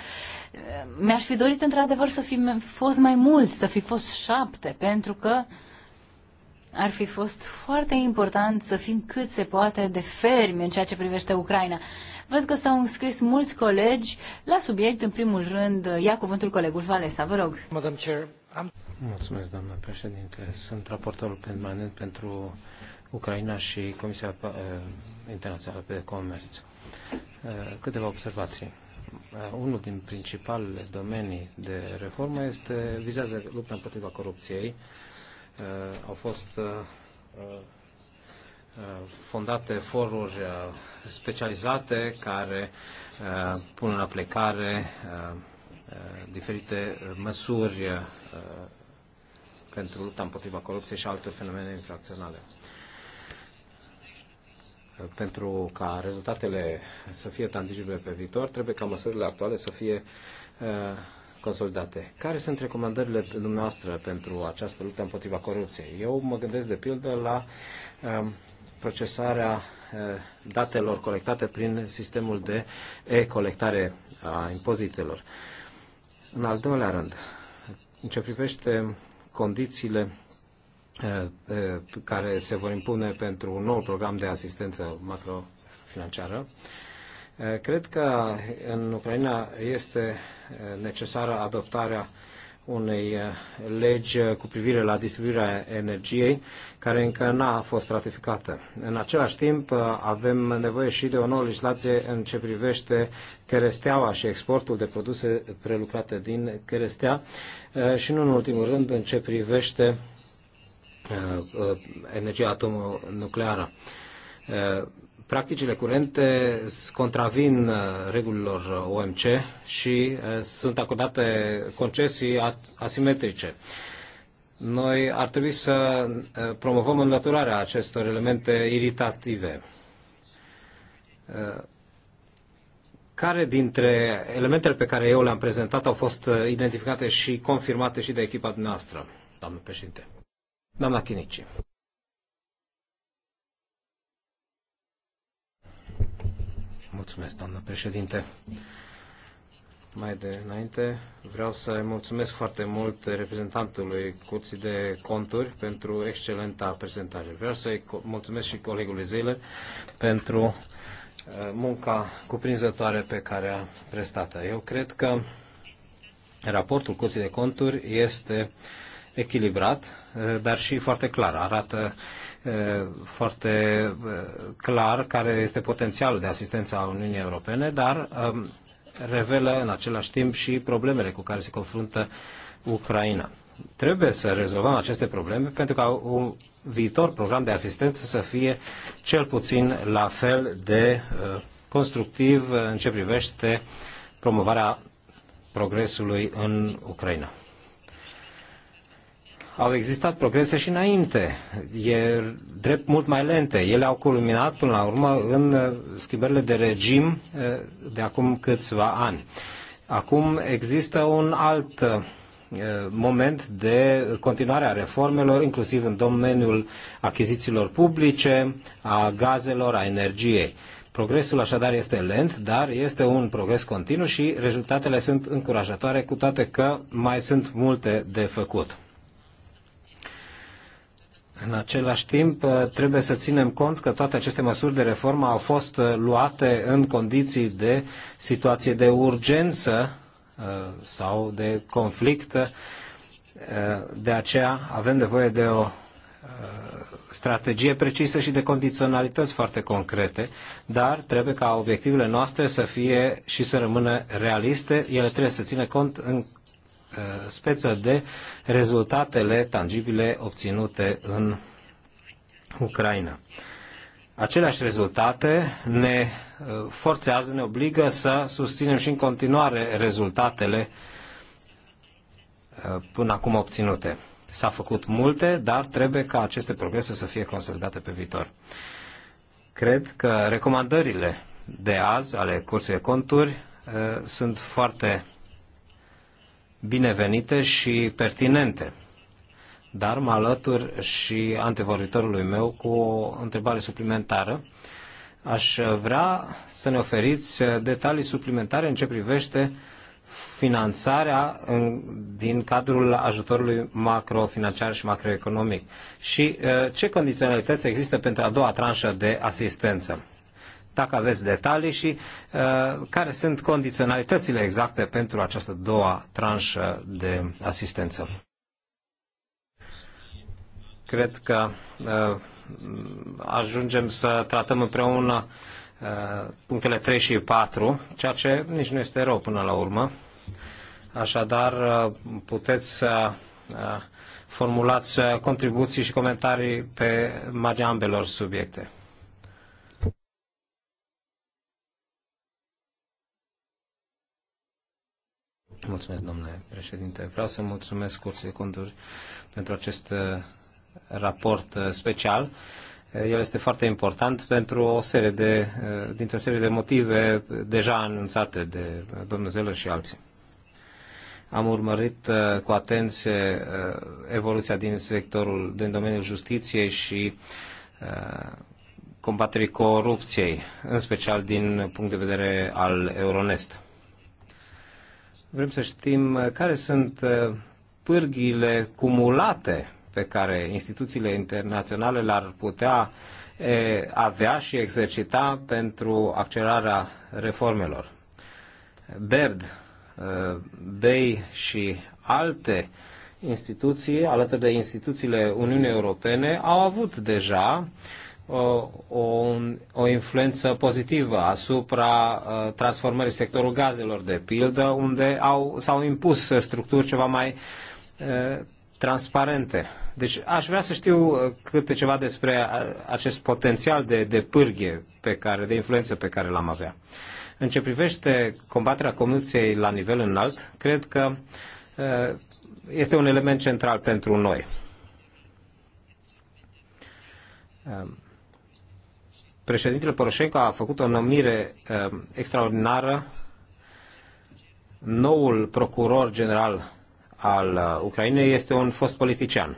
A: Mi-aș fi dorit într-adevăr să fi fost mai mulți, să fi fost șapte, pentru că ar fi fost foarte important să fim cât se poate de fermi în ceea ce privește Ucraina. Văd că s-au înscris mulți colegi la subiect. În primul rând, ia cuvântul colegul Valesa, vă rog. Madam
B: Chair, am... Mulțumesc, doamnă președinte. Sunt raportorul permanent pentru Ucraina și Comisia uh, Internațională de Comerț. Uh, câteva observații. Uh, unul din principalele domenii de reformă este, vizează lupta împotriva corupției. Au fost fondate foruri specializate care pun în aplicare diferite măsuri pentru lupta împotriva corupției și altor fenomene infracționale pentru ca rezultatele să fie tangibile pe viitor, trebuie ca măsurile actuale să fie uh, consolidate. Care sunt recomandările dumneavoastră pentru această luptă împotriva corupției? Eu mă gândesc de pildă la um, procesarea uh, datelor colectate prin sistemul de e-colectare a impozitelor. În al doilea rând, în ce privește condițiile Eh, eh, care se vor impune pentru un nou program de asistență macrofinanciară. Eh, cred că în Ucraina este necesară adoptarea unei legi cu privire la distribuirea energiei, care încă n-a fost ratificată. În același timp, avem nevoie și de o nouă legislație în ce privește cheresteaua și exportul de produse prelucrate din cherestea și, nu în ultimul rând, în ce privește Uh, uh, energia atomonucleară. Uh, practicile curente contravin regulilor OMC și sunt acordate concesii asimetrice. Noi ar trebui să promovăm înlăturarea acestor elemente iritative care dintre elementele pe care eu le-am prezentat au fost identificate și confirmate și de echipa dumneavoastră, doamnă președinte? Doamna Chinici. Mulțumesc, doamnă președinte. Mai de înainte, vreau să mulțumesc foarte mult reprezentantului Curții de Conturi pentru excelenta prezentare. Vreau să-i mulțumesc și colegului Zile pentru uh, munca cuprinzătoare pe care a prestat-o. Eu cred că raportul Curții de Conturi este uh, echilibrat, eh, dar și foarte clar. Arată eh, foarte eh, clar care este potențialul de asistență a Uniunii Europene, dar ehm, revelă în același timp și problemele cu care se confruntă Ucraina. Trebuie să rezolvăm aceste probleme pentru ca un viitor program de asistență să fie cel puțin la fel de constructiv în ce privește promovarea progresului în Ucraina au existat progrese și înainte, e drept mult mai lente. Ele au culminat până la urmă în uh, schimbările de regim uh, de acum câțiva ani. Acum există un alt uh, moment de continuare a reformelor, inclusiv în domeniul achizițiilor publice, a gazelor, a energiei. Progresul așadar este lent, dar este un progres continuu și rezultatele sunt încurajatoare, cu toate că mai sunt multe de făcut. În același timp, uh, trebuie să ținem cont că toate aceste măsuri de reformă au fost uh, luate în condiții de situație de urgență uh, sau de conflict. De aceea avem nevoie de o strategie precisă și de condiționalități foarte concrete, dar trebuie ca obiectivele noastre să fie și să rămână realiste. Ele trebuie să țină cont în Uh, speță de rezultatele tangibile obținute în Ucraina. Aceleași rezultate ne uh, forțează, ne obligă să susținem și în continuare rezultatele uh, până acum obținute. S-a făcut multe, dar trebuie ca aceste progrese să fie consolidate pe viitor. Cred că recomandările de azi ale cursului de Conturi sunt foarte binevenite și pertinente. Dar mă alătur și antevorbitorului meu cu o întrebare suplimentară. Aș vrea să ne oferiți detalii suplimentare în ce privește finanțarea în, din cadrul ajutorului macrofinanciar și macroeconomic și uh, ce condiționalități există pentru a doua tranșă de asistență dacă aveți detalii și uh, care sunt condiționalitățile exacte pentru această doua tranșă de asistență. Cred că uh, ajungem să tratăm împreună uh, punctele 3 și 4, ceea ce nici nu este rău până la urmă. Așadar, uh, puteți să uh, formulați uh, contribuții și comentarii pe marginea ambelor subiecte. Mulțumesc, domnule președinte. Vreau să mulțumesc cu secunduri pentru acest uh, raport uh, special. Uh, el este foarte important pentru o serie de, dintre o serie de motive deja anunțate de domnul Zeller și alții. Am urmărit cu atenție evoluția din sectorul, din domeniul justiției și combaterii corupției, în special din punct de vedere al Euronest Vrem să știm uh, care sunt uh, pârghiile cumulate pe care instituțiile internaționale le-ar putea avea și exercita pentru accelerarea reformelor. BERD, uh, BEI și alte instituții, alături de instituțiile Uniunii Europene, au avut deja uh, o, o influență pozitivă asupra uh, transformării sectorul gazelor, de pildă, unde au, s-au impus structuri ceva mai uh, transparente. Deci aș vrea să știu uh, câte ceva despre acest potențial de, de pârghie pe care, de influență pe care l-am avea. În ce privește combaterea corupției la nivel înalt, cred că este un element central pentru noi. Președintele Poroșenko a făcut o numire uh, extraordinară. Noul procuror general al uh, Ucrainei este un fost politician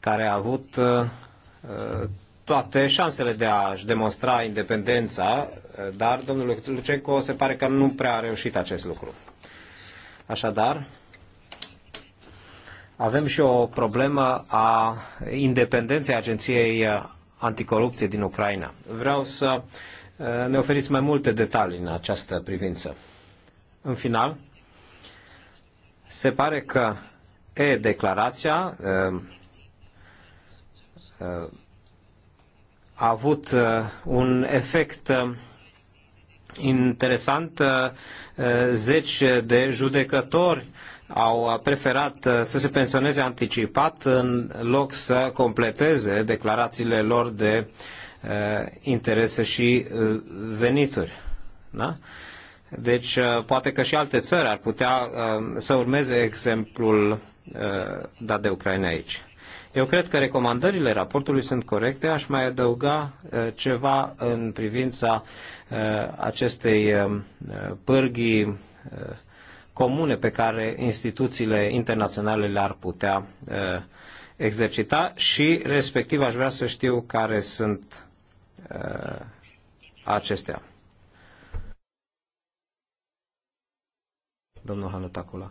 B: care a avut uh, uh toate șansele de a-și demonstra independența, uh, dar domnul Lucenco se pare că nu prea a reușit acest lucru. Așadar, avem și o problemă a independenței Agenției uh, anticorupție din Ucraina. Vreau să eh, ne oferiți mai multe detalii în această privință. În final, se pare că e-declarația eh, eh, a avut un efect interesant. Zeci de judecători au preferat uh, să se pensioneze anticipat în loc să completeze declarațiile lor de uh, interese și uh, venituri. Da? Deci, poate că și alte țări ar putea să urmeze exemplul dat de Ucraina aici. Eu cred că recomandările raportului sunt corecte. Aș mai adăuga ceva în privința acestei pârghii comune pe care instituțiile internaționale le-ar putea uh, exercita și respectiv aș vrea să știu care sunt uh, acestea. Domnul Hanutacula.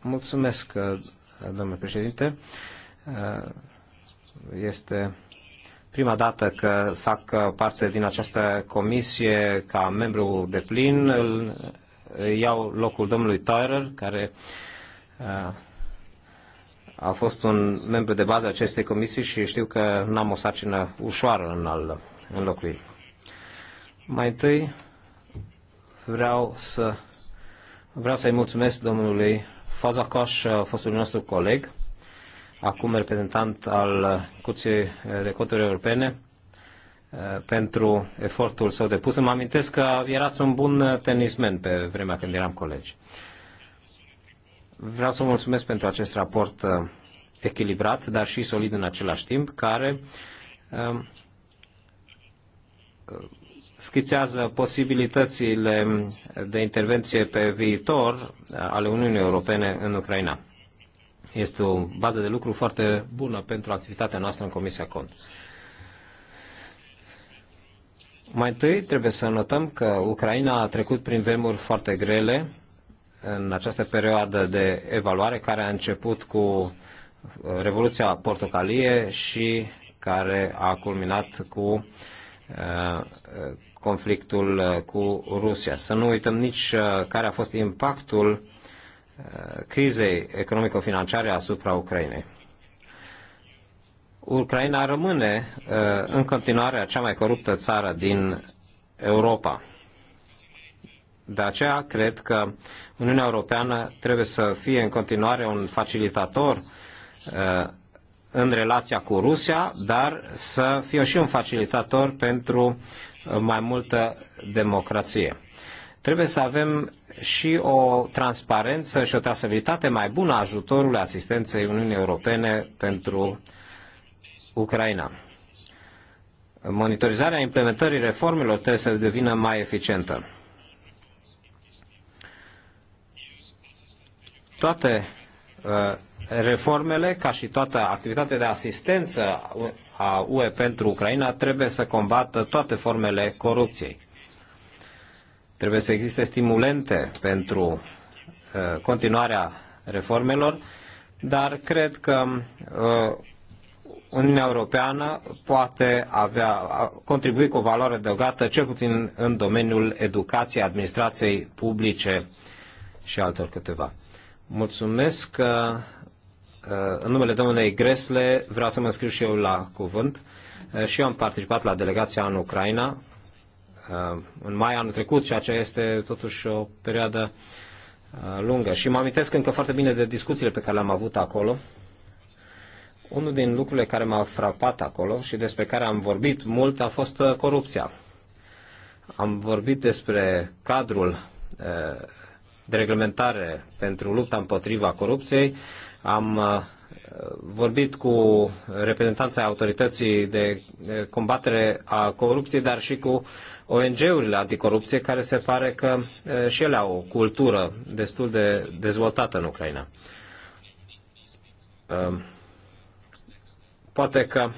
B: Mulțumesc, uh, domnule președinte. Este prima dată că fac parte din această comisie ca membru de plin iau locul domnului Tyrer, care a fost un membru de bază acestei comisii și știu că n-am o sarcină ușoară în, al, în locul ei. Mai întâi vreau să vreau să-i mulțumesc domnului Fazacoș, fostul nostru coleg, acum reprezentant al Curții de Conturi Europene, Uh, pentru efortul său depus. Îmi amintesc că erați un bun tenismen pe vremea când eram colegi. Vreau să vă mulțumesc pentru acest raport uh, echilibrat, dar și solid în același timp, care um, schițează posibilitățile de intervenție pe viitor uh, ale Uniunii Europene în Ucraina. Este o bază de lucru foarte bună pentru activitatea noastră în Comisia Cont. Mai întâi trebuie să notăm că Ucraina a trecut prin vremuri foarte grele în această perioadă de evaluare care a început cu uh, Revoluția Portocalie și care a culminat cu uh, conflictul uh, cu Rusia. Să nu uităm nici care a fost impactul crizei economico-financiare asupra Ucrainei. Ucraina rămâne uh, în continuare cea mai coruptă țară din Europa. De aceea cred că Uniunea Europeană trebuie să fie în continuare un facilitator uh, în relația cu Rusia, dar să fie și un facilitator pentru mai multă democrație. Trebuie să avem și o transparență și o trasabilitate mai bună a ajutorului asistenței Uniunii Europene pentru uh, Ucraina. Monitorizarea implementării reformelor trebuie să devină mai eficientă. Toate uh, reformele, ca și toată activitatea de asistență a UE pentru Ucraina, trebuie să combată toate formele corupției. Trebuie să existe stimulente pentru uh, continuarea reformelor, dar cred că uh, Uniunea Europeană poate avea, contribui cu o valoare adăugată, cel puțin în domeniul educației, administrației publice și altor câteva. Mulțumesc că uh, uh, în numele domnului Gresle vreau să mă înscriu și eu la cuvânt. Uh, și eu am participat la delegația în Ucraina în mai anul trecut, ceea ce este totuși o perioadă lungă. Și mă amintesc încă foarte bine de discuțiile pe care le-am avut acolo unul din lucrurile care m au frapat acolo și despre care am vorbit mult a fost uh, corupția. Am vorbit despre cadrul uh, de reglementare pentru lupta împotriva corupției, am uh, vorbit cu reprezentanța autorității de combatere a corupției, dar și cu ONG-urile anticorupție, care se pare că și ele au o cultură destul de dezvoltată în Ucraina. Poate că uh,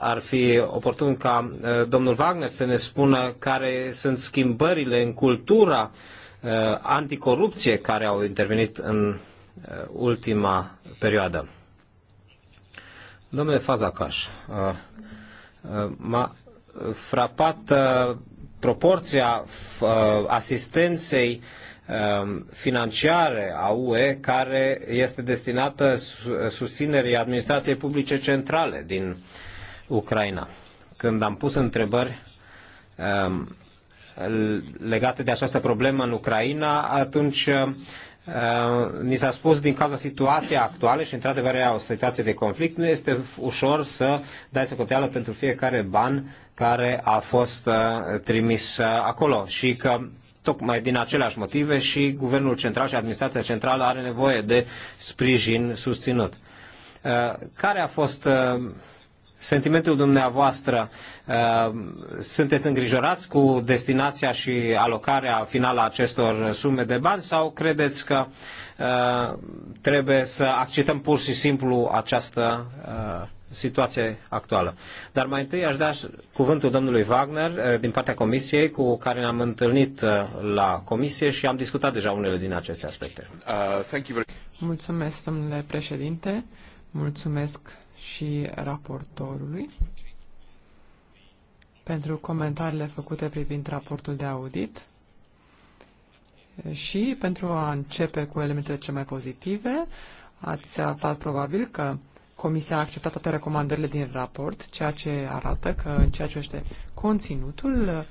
B: ar fi oportun ca uh, domnul Wagner să ne spună care sunt schimbările în cultura uh, anticorupție care au intervenit în ultima perioadă. Domnule Fazakaș, m-a frapat proporția asistenței Um, financiare a UE care este destinată susținerii administrației publice centrale din Ucraina. Când am pus întrebări um, legate de această problemă în Ucraina, atunci uh, ni s-a spus din cauza situației actuale și într-adevăr era o situație de conflict, nu este ușor să dai socoteală pentru fiecare ban care a fost uh, trimis uh, acolo și că tocmai din aceleași motive și Guvernul Central și Administrația Centrală are nevoie de sprijin susținut. Uh, care a fost uh, sentimentul dumneavoastră. Uh, sunteți îngrijorați cu destinația și alocarea finală a acestor sume de bani sau credeți că uh, trebuie să acceptăm pur și simplu această uh, situație actuală. Dar mai întâi aș da cuvântul domnului Wagner din partea comisiei cu care ne-am întâlnit la comisie și am discutat deja unele din aceste aspecte.
C: Mulțumesc, domnule președinte. Mulțumesc și raportorului pentru comentariile făcute privind raportul de audit și pentru a începe cu elementele cele mai pozitive, ați aflat probabil că Comisia a acceptat toate recomandările din raport, ceea ce arată că în ceea ce este conținutul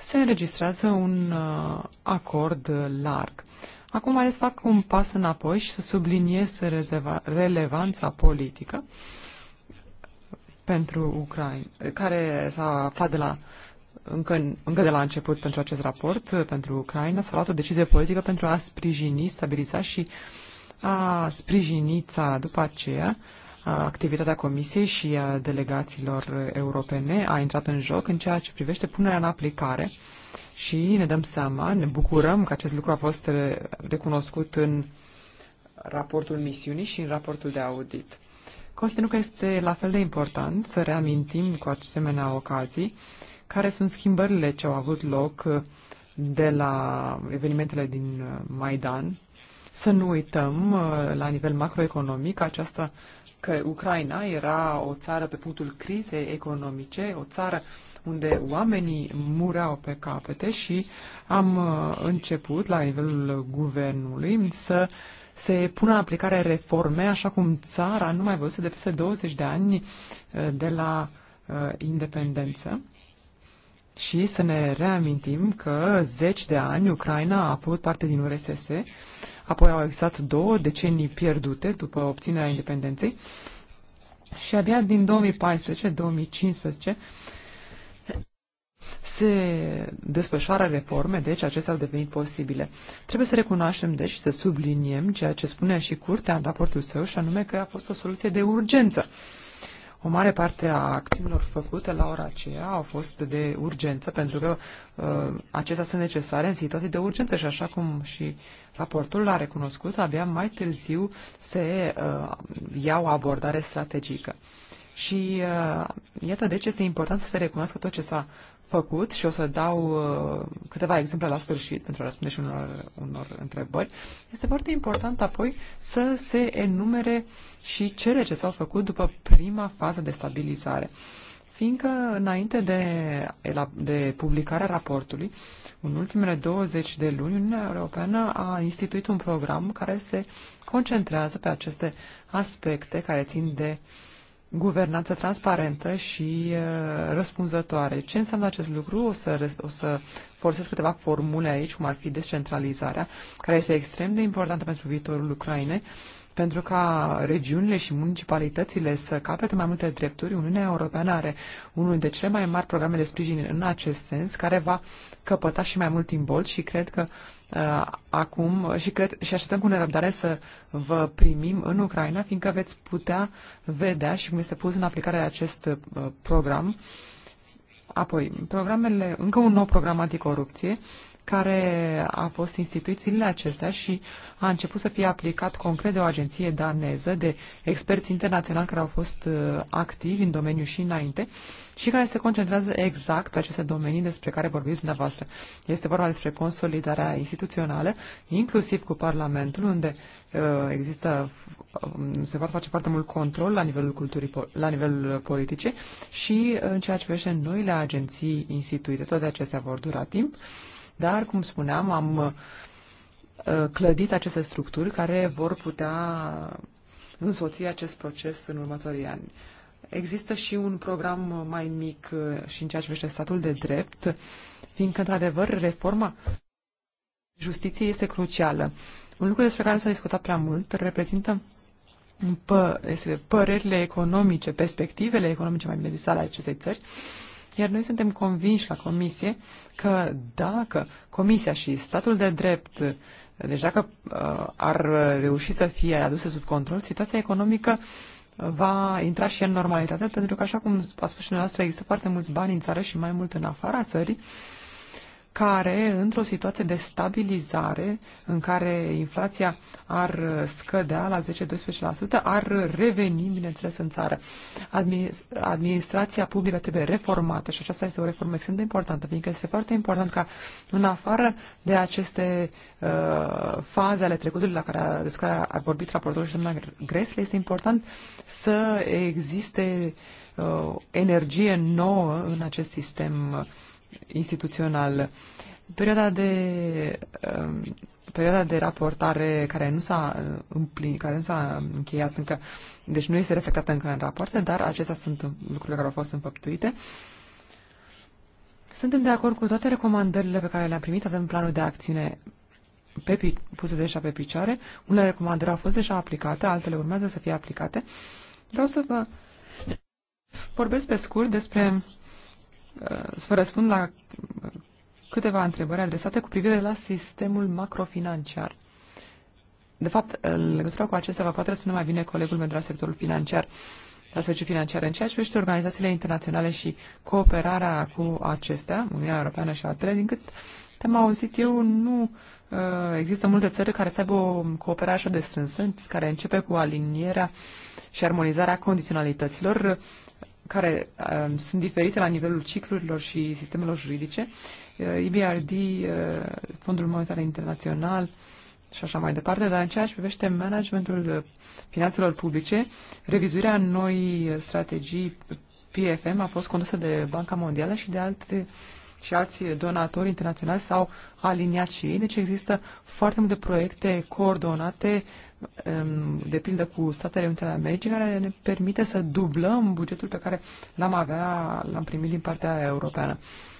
C: se înregistrează un uh, acord larg. Acum mai fac un pas înapoi și să subliniez relevanța politică pentru Ucraina, care s-a aflat de la, încă, încă de la început pentru acest raport, pentru Ucraina, s-a luat o decizie politică pentru a sprijini, stabiliza și a sprijini țara după aceea activitatea Comisiei și a delegațiilor europene a intrat în joc în ceea ce privește punerea în aplicare și ne dăm seama, ne bucurăm că acest lucru a fost recunoscut în raportul misiunii și în raportul de audit. Consider că este la fel de important să reamintim cu asemenea ocazii care sunt schimbările ce au avut loc de la evenimentele din Maidan. Să nu uităm, la nivel macroeconomic, aceasta că Ucraina era o țară pe punctul crizei economice, o țară uh, unde oamenii murau pe capete și am uh, început la nivelul guvernului să se pună în aplicare reforme, așa cum țara nu mai văzuse de peste 20 de ani uh, de la uh, independență. Și să ne reamintim că zeci de ani Ucraina a avut parte din URSS, apoi au existat două decenii pierdute după obținerea independenței și abia din 2014-2015 se desfășoară reforme, deci acestea au devenit posibile. Trebuie să recunoaștem, deci, să subliniem ceea ce spunea și Curtea în raportul său, și anume că a fost o soluție de urgență. O mare parte a acțiunilor făcute la ora aceea au fost de urgență, pentru că uh, acestea sunt necesare în situații de urgență și așa cum și raportul l-a recunoscut, abia mai târziu se uh, ia o abordare strategică. Și uh, iată, deci este important să se recunoască tot ce s-a făcut și o să dau uh, câteva exemple la sfârșit pentru a răspunde și unor, unor întrebări. Este foarte important apoi să se enumere și cele ce s-au făcut după prima fază de stabilizare. Fiindcă înainte de, de publicarea raportului, în ultimele 20 de luni, Uniunea Europeană a instituit un program care se concentrează pe aceste aspecte care țin de uh, guvernanță transparentă și uh, răspunzătoare. Ce înseamnă acest lucru? O să, o să folosesc câteva formule aici, cum ar fi descentralizarea, care este extrem de importantă pentru viitorul Ucrainei, pentru ca regiunile și municipalitățile să capete mai multe drepturi, Uniunea Europeană are unul dintre cele mai mari programe de sprijin în acest sens, care va căpăta și mai mult timp. și cred că uh, Uh, acum și, cred, și așteptăm cu nerăbdare să vă primim în Ucraina, fiindcă veți putea vedea și cum este pus în aplicare acest uh, program. Apoi, programele, încă un nou program anticorupție care a fost instituit zilele acestea și a început să fie aplicat concret de o agenție daneză de experți internaționali care au fost uh, activi în domeniu și înainte și care se concentrează exact pe aceste domenii despre care vorbiți dumneavoastră. Este vorba despre consolidarea instituțională, inclusiv cu Parlamentul, unde uh, există, um, se poate face foarte mult control la nivelul culturii, la nivelul uh, politice și în ceea ce privește noile agenții instituite. Toate acestea vor dura timp dar, cum spuneam, am uh, clădit aceste structuri care vor putea însoți acest proces în următorii ani. Există și un program mai mic uh, și în ceea ce privește statul de drept, fiindcă, într-adevăr, reforma justiției este crucială. Un lucru despre care s-a discutat prea mult reprezintă pă, părerile economice, perspectivele economice, mai bine zis, ale acestei țări, iar noi suntem convinși la Comisie că dacă Comisia și statul de drept, deci dacă uh, ar reuși să fie aduse sub control, situația economică va intra și în normalitate, pentru că, așa cum a spus și dumneavoastră, există foarte mulți bani în țară și mai mult în afara țării, uh, care, într-o situație de stabilizare, în care inflația ar scădea la 10-12%, ar reveni, bineînțeles, în țară. Administrația publică trebuie reformată și aceasta este o reformă extrem de importantă, fiindcă este foarte important ca, în afară de aceste uh, faze ale trecutului la care, despre care a vorbit raportorul și doamna Gresle, este important să existe uh, energie nouă în acest sistem uh, instituțional. Perioada de, um, perioada de raportare care nu s-a uh, împlinit, care nu s-a încheiat, încă, deci nu este reflectată încă în rapoarte, dar acestea sunt lucrurile care au fost înfăptuite. Suntem de acord cu toate recomandările pe care le-am primit, avem planul de acțiune pe, puse deja pe picioare, unele recomandări au fost deja aplicate, altele urmează să fie aplicate. Vreau să vă vorbesc pe scurt despre să vă răspund la câteva întrebări adresate cu privire la sistemul macrofinanciar. De fapt, în legătură cu acestea, vă poate răspunde mai bine colegul meu de la sectorul financiar, la serviciu financiar, în ceea ce privește organizațiile internaționale și cooperarea cu acestea, Uniunea Europeană și altele, din cât te-am auzit eu, nu uh, există multe țări care să aibă o cooperare așa de strânsă, care începe cu alinierea și armonizarea condiționalităților care uh, sunt diferite la nivelul ciclurilor și sistemelor juridice, uh, IBRD, uh, Fondul Monetar Internațional și așa mai departe, dar în ceea ce privește managementul uh, finanțelor publice, revizuirea noi strategii PFM a fost condusă de Banca Mondială și de alte și alți donatori internaționali s-au aliniat și ei, deci există foarte multe proiecte coordonate uh, de pildă cu Statele Unite ale Americii, care ne permite să dublăm bugetul pe care l-am avea, l-am primit din partea europeană.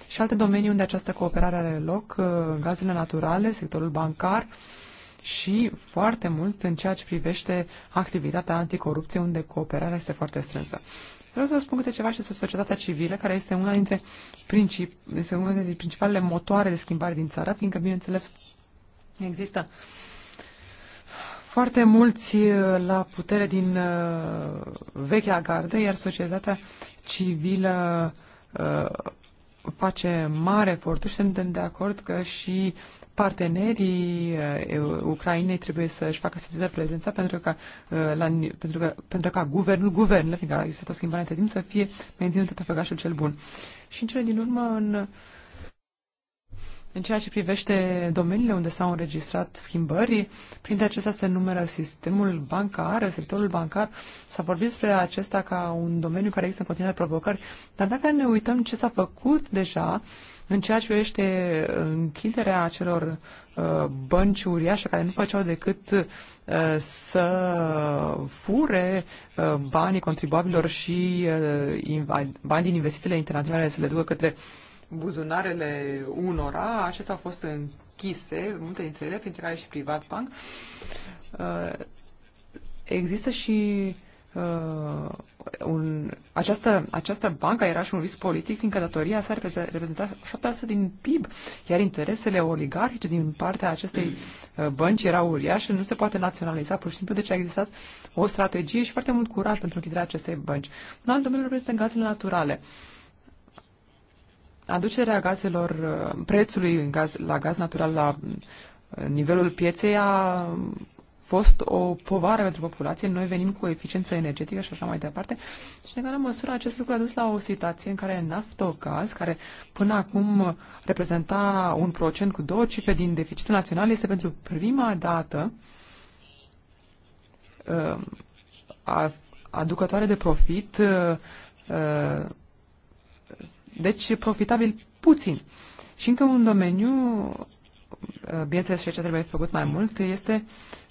C: Și alte domenii unde această cooperare are loc, uh, gazele naturale, sectorul bancar și foarte mult în ceea ce privește activitatea anticorupție, unde cooperarea este foarte strânsă. Vreau să vă spun câte ceva și despre societatea civilă, care este una dintre, principi, este una dintre principalele motoare de schimbare din țară, fiindcă, bineînțeles, există foarte mulți uh, la putere din uh, vechea gardă, iar societatea civilă uh, face mare efort și suntem de acord că și partenerii Ucrainei trebuie să-și facă sentite prezența pentru ca, la, pentru, că, pentru ca guvernul, guvernul, fiindcă există o schimbare între timp, să fie menținută pe făgașul cel bun. Și în cele din urmă, în în ceea ce privește domeniile unde s-au înregistrat schimbări, printre acestea se numără sistemul bancar, sectorul bancar. S-a vorbit despre acesta ca un domeniu care există în continuare provocări, dar dacă ne uităm ce s-a făcut deja, în ceea ce privește închiderea acelor uh, bănci uriașe care nu făceau decât uh, să fure uh, banii contribuabililor și uh, bani din investițiile internaționale să le ducă către buzunarele unora, acestea au fost închise, multe dintre ele, printre care și privat bank, uh, Există și uh, un, această, această bancă era și un risc politic, fiindcă datoria s-a reprezentat 7% din PIB, iar interesele oligarhice din partea acestei uh, bănci erau uriașe, nu se poate naționaliza pur și simplu, deci a existat o strategie și foarte mult curaj pentru închiderea acestei bănci. Un alt domeniu reprezintă gazele naturale. Uh, Aducerea gazelor, prețului gaz, la gaz natural la uh, nivelul pieței a fost o povară pentru populație. Noi venim cu eficiență energetică și așa mai departe. Și, în egală măsură, acest lucru a dus la o situație în care naftogaz, care până acum reprezenta un procent cu două cifre din deficitul național, este pentru prima dată uh, aducătoare de profit uh, deci profitabil puțin. Și încă un domeniu, uh, bineînțeles ceea ce trebuie făcut mai mult, este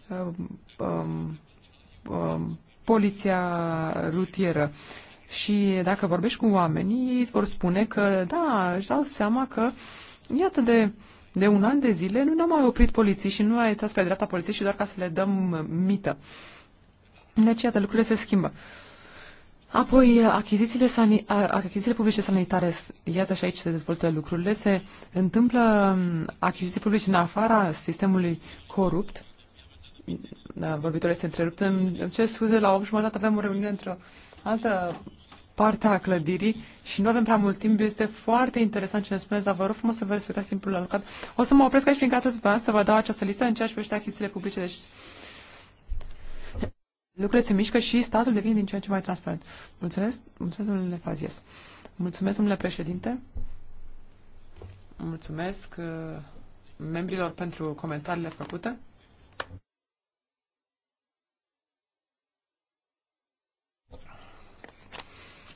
C: uh, um, um, poliția rutieră. Și dacă vorbești cu oamenii, ei îți vor spune că, da, își dau seama că, iată de, de un an de zile, nu ne-am mai oprit poliții și nu ai ieșit pe dreapta poliției și doar ca să le dăm mită. Deci, iată, lucrurile se schimbă. Uh, Apoi, achizițiile, sani- achizițiile publice sanitare, iată și aici se dezvoltă lucrurile, se întâmplă achiziții publice în afara sistemului corupt. Da, Vorbitorii se întrerupt. În ce scuze, la 8 jumătate avem o reuniune într-o altă parte a clădirii și nu avem prea mult timp. Este foarte interesant ce ne spuneți, dar vă rog frumos să vă respectați timpul alocat. O să mă opresc aici, fiindcă atât vreau să vă dau această listă în ceea ce privește achizițiile publice. Deci lucrurile se mișcă și statul devine din ce în ce mai transparent. Mulțumesc, mulțumesc domnule Fazies. Mulțumesc, domnule președinte. Mulțumesc uh, membrilor pentru comentariile făcute.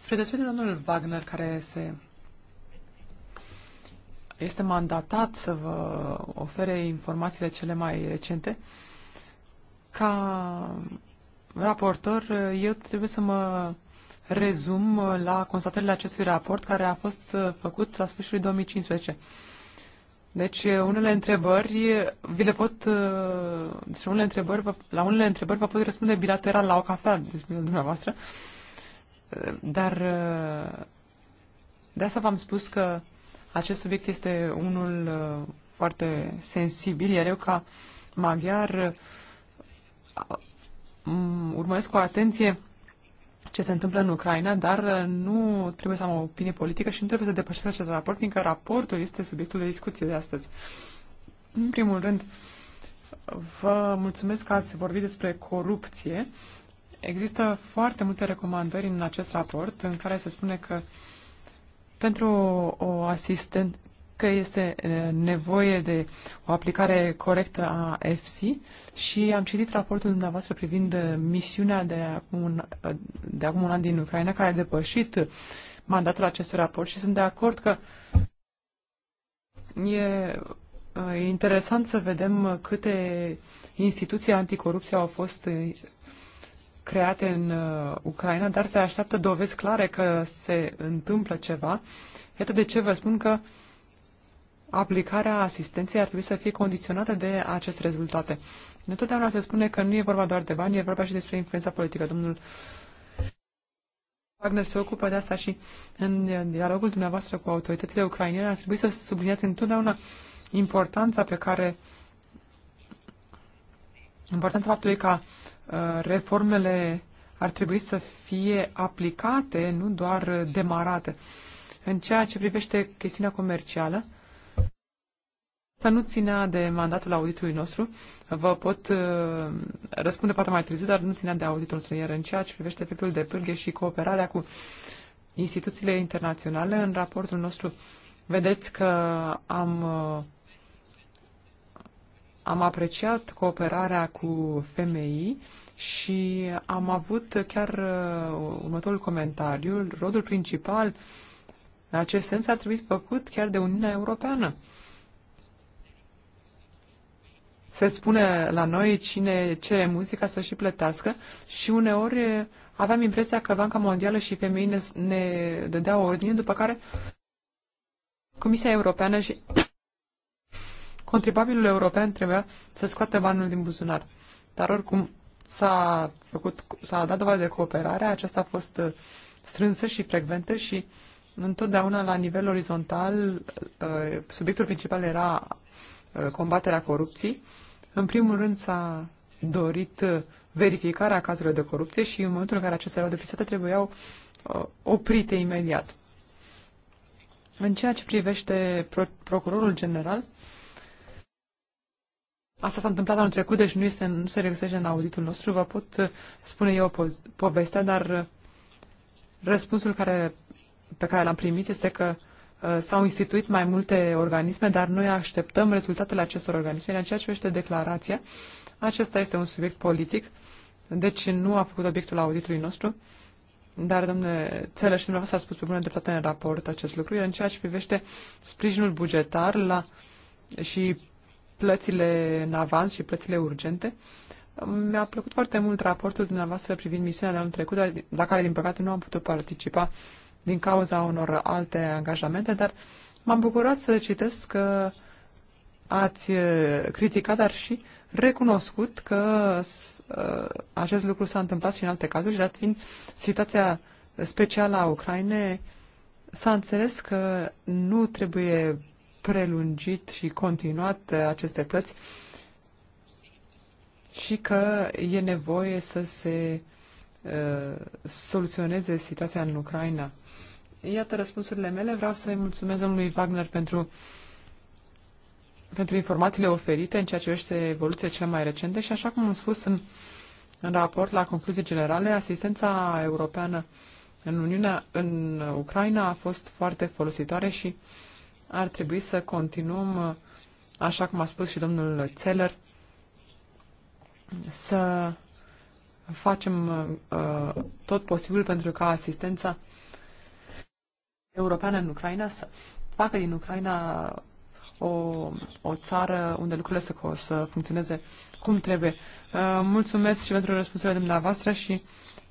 C: Spre deosebire de domnul Wagner, care se este mandatat să vă ofere informațiile cele mai recente, ca raportor, eu trebuie să mă rezum la constatările acestui raport care a fost făcut la sfârșitul 2015. Deci, eh, eh, eh, deci, unele întrebări, vi le pot, deci unele întrebări, la unele întrebări vă pot răspunde bilateral la o cafea, deci dumneavoastră, dar de asta v-am spus că acest subiect este unul foarte sensibil, iar eu ca maghiar Mm, urmăresc cu atenție ce se întâmplă în Ucraina, dar uh, nu trebuie să am o opinie politică și nu trebuie să depășesc acest raport, fiindcă raportul este subiectul de discuție de astăzi. În primul rând, vă mulțumesc că ați vorbit despre corupție. Există foarte multe recomandări în acest raport în care se spune că pentru o asistent că este nevoie de o aplicare corectă a EFSI și am citit raportul dumneavoastră privind misiunea de acum un, de acum un an din Ucraina, care a depășit mandatul acestui raport și sunt de acord că e E interesant să vedem câte instituții anticorupție au fost create în Ucraina, dar se așteaptă dovezi clare că se întâmplă ceva. Iată de ce vă spun că aplicarea asistenței ar trebui să fie condiționată de aceste rezultate. Nu totdeauna se spune că nu e vorba doar de bani, e vorba și despre influența politică. Domnul Wagner se ocupă de asta și în dialogul dumneavoastră cu autoritățile ucrainene ar trebui să subliniați întotdeauna importanța pe care importanța faptului ca uh, reformele ar trebui să fie aplicate, nu doar demarate. În ceea ce privește chestiunea comercială, Asta nu ținea de mandatul auditului nostru. Vă pot uh, răspunde poate mai târziu, dar nu ținea de auditul nostru. Iar în ceea ce privește efectul de pârghie și cooperarea cu instituțiile internaționale, în raportul nostru vedeți că am, uh, am apreciat cooperarea cu FMI și am avut chiar uh, următorul comentariu. Rodul principal în acest sens a trebuit făcut chiar de Uniunea Europeană se spune la noi cine cere muzica să și plătească și uneori aveam impresia că Banca Mondială și femeile ne, ne dădeau ordine, după care Comisia Europeană și contribuabilul european trebuia să scoată banul din buzunar. Dar oricum s-a, făcut, s-a dat dovadă de cooperare, aceasta a fost uh, strânsă și frecventă și întotdeauna la nivel orizontal uh, subiectul principal era uh, combaterea corupției în primul rând s-a dorit uh, verificarea cazurilor de corupție și în momentul în care acestea erau depisate trebuiau uh, oprite imediat. În ceea ce privește procurorul general, Asta s-a întâmplat anul trecut, deci nu, este, nu se regăsește în auditul nostru. Vă pot uh, spune eu po- povestea, dar răspunsul care, pe care l-am primit este că Uh, s-au instituit mai multe organisme, dar noi așteptăm rezultatele acestor organisme. În ceea ce este declarația, acesta este un subiect politic, deci nu a făcut obiectul auditului nostru. Dar, domnule Țelă, și dumneavoastră a spus pe bună dreptate în raport acest lucru, în ceea ce privește sprijinul bugetar la, și plățile în avans și plățile urgente, mi-a plăcut foarte mult raportul dumneavoastră privind misiunea de anul trecut, dar, la care, din păcate, nu am putut participa uh, din cauza unor alte angajamente, dar m-am bucurat să citesc că ați eh, criticat, dar și recunoscut că eh, acest lucru s-a întâmplat și în alte cazuri, dat fiind situația specială a Ucrainei, s-a înțeles că nu trebuie prelungit și continuat eh, aceste plăți și că e nevoie să se Uh, soluționeze situația în Ucraina. Iată răspunsurile mele. Vreau să-i mulțumesc domnului Wagner pentru, pentru informațiile oferite în ceea ce privește evoluția cele mai recente și așa cum am spus în, în raport la concluzii generale, asistența europeană în Uniunea, în Ucraina a fost foarte folositoare și ar trebui să continuăm, așa cum a spus și domnul Țeler, să facem uh, tot posibil pentru ca asistența europeană în Ucraina să facă din Ucraina o, o țară unde lucrurile să, să funcționeze cum trebuie. Uh, mulțumesc și pentru răspunsurile dumneavoastră și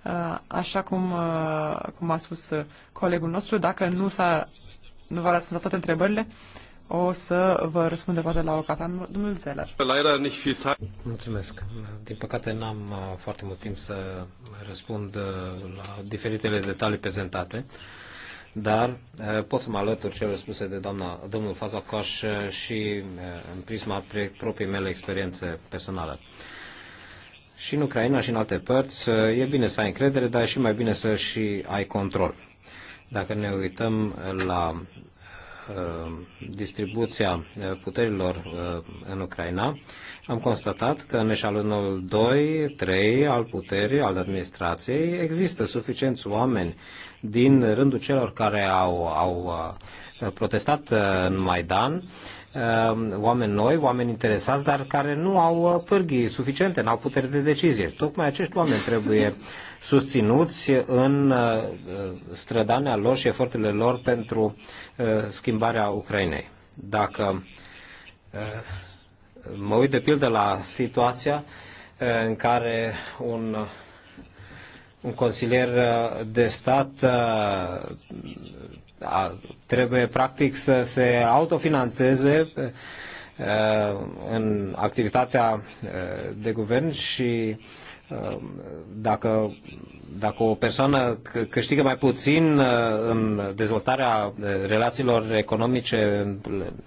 C: uh, așa cum, uh, cum a spus uh, colegul nostru, dacă nu, s-a, nu v-a răspuns toate întrebările, o să vă răspunde poate la o domnul Zeller.
B: Mulțumesc. Din păcate n-am uh, foarte mult timp să răspund uh, la diferitele detalii prezentate dar uh, pot să mă alătur celor spuse de doamna, domnul Fazacoș și în prisma propriei mele experiențe personale. Și în Ucraina și în alte părți e bine să ai încredere, dar e și mai bine să și ai control. Dacă ne uităm la Uh, distribuția uh, puterilor uh, în Ucraina, am constatat că în eșalonul 2-3 al puterii, al administrației, există suficienți oameni din rândul celor care au, au protestat în Maidan, Um, oameni noi, oameni interesați, dar care nu au uh, pârghii suficiente, nu au putere de decizie. Tocmai acești oameni trebuie susținuți în uh, uh, strădania lor și eforturile lor pentru schimbarea Ucrainei. Dacă mă uit de pildă la situația în care un un consilier de stat trebuie practic să se autofinanțeze uh, în activitatea uh, de guvern și uh, dacă, dacă o persoană câștigă mai puțin în dezvoltarea relațiilor economice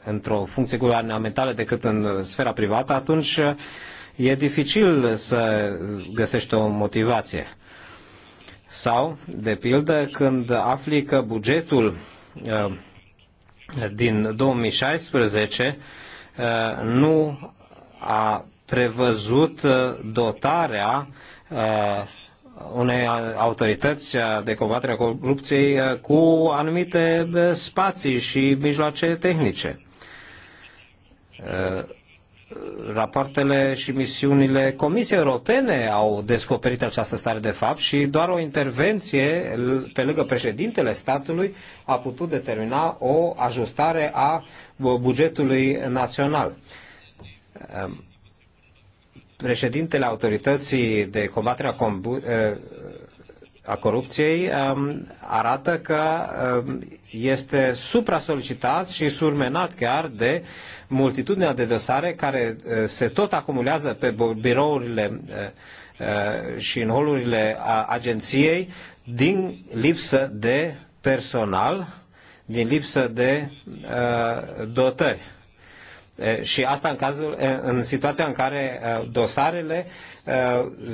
B: într-o funcție guvernamentală decât în sfera privată, atunci e dificil să găsești o motivație. Sau, de pildă, când afli că bugetul uh, din 2016 uh, nu a prevăzut uh, dotarea unei autorități de combatere a corupției cu anumite spații și mijloace tehnice rapoartele și misiunile Comisiei Europene au descoperit această stare de fapt și doar o intervenție pe lângă președintele statului a putut determina o ajustare a bugetului național. Ehm, președintele Autorității de Combatere a a corupției um, arată că um, este supra-solicitat și surmenat chiar de multitudinea de dosare care uh, se tot acumulează pe birourile uh, uh, și în holurile agenției din lipsă de personal, din lipsă de dotări. Și asta în, cazul, în situația în care dosarele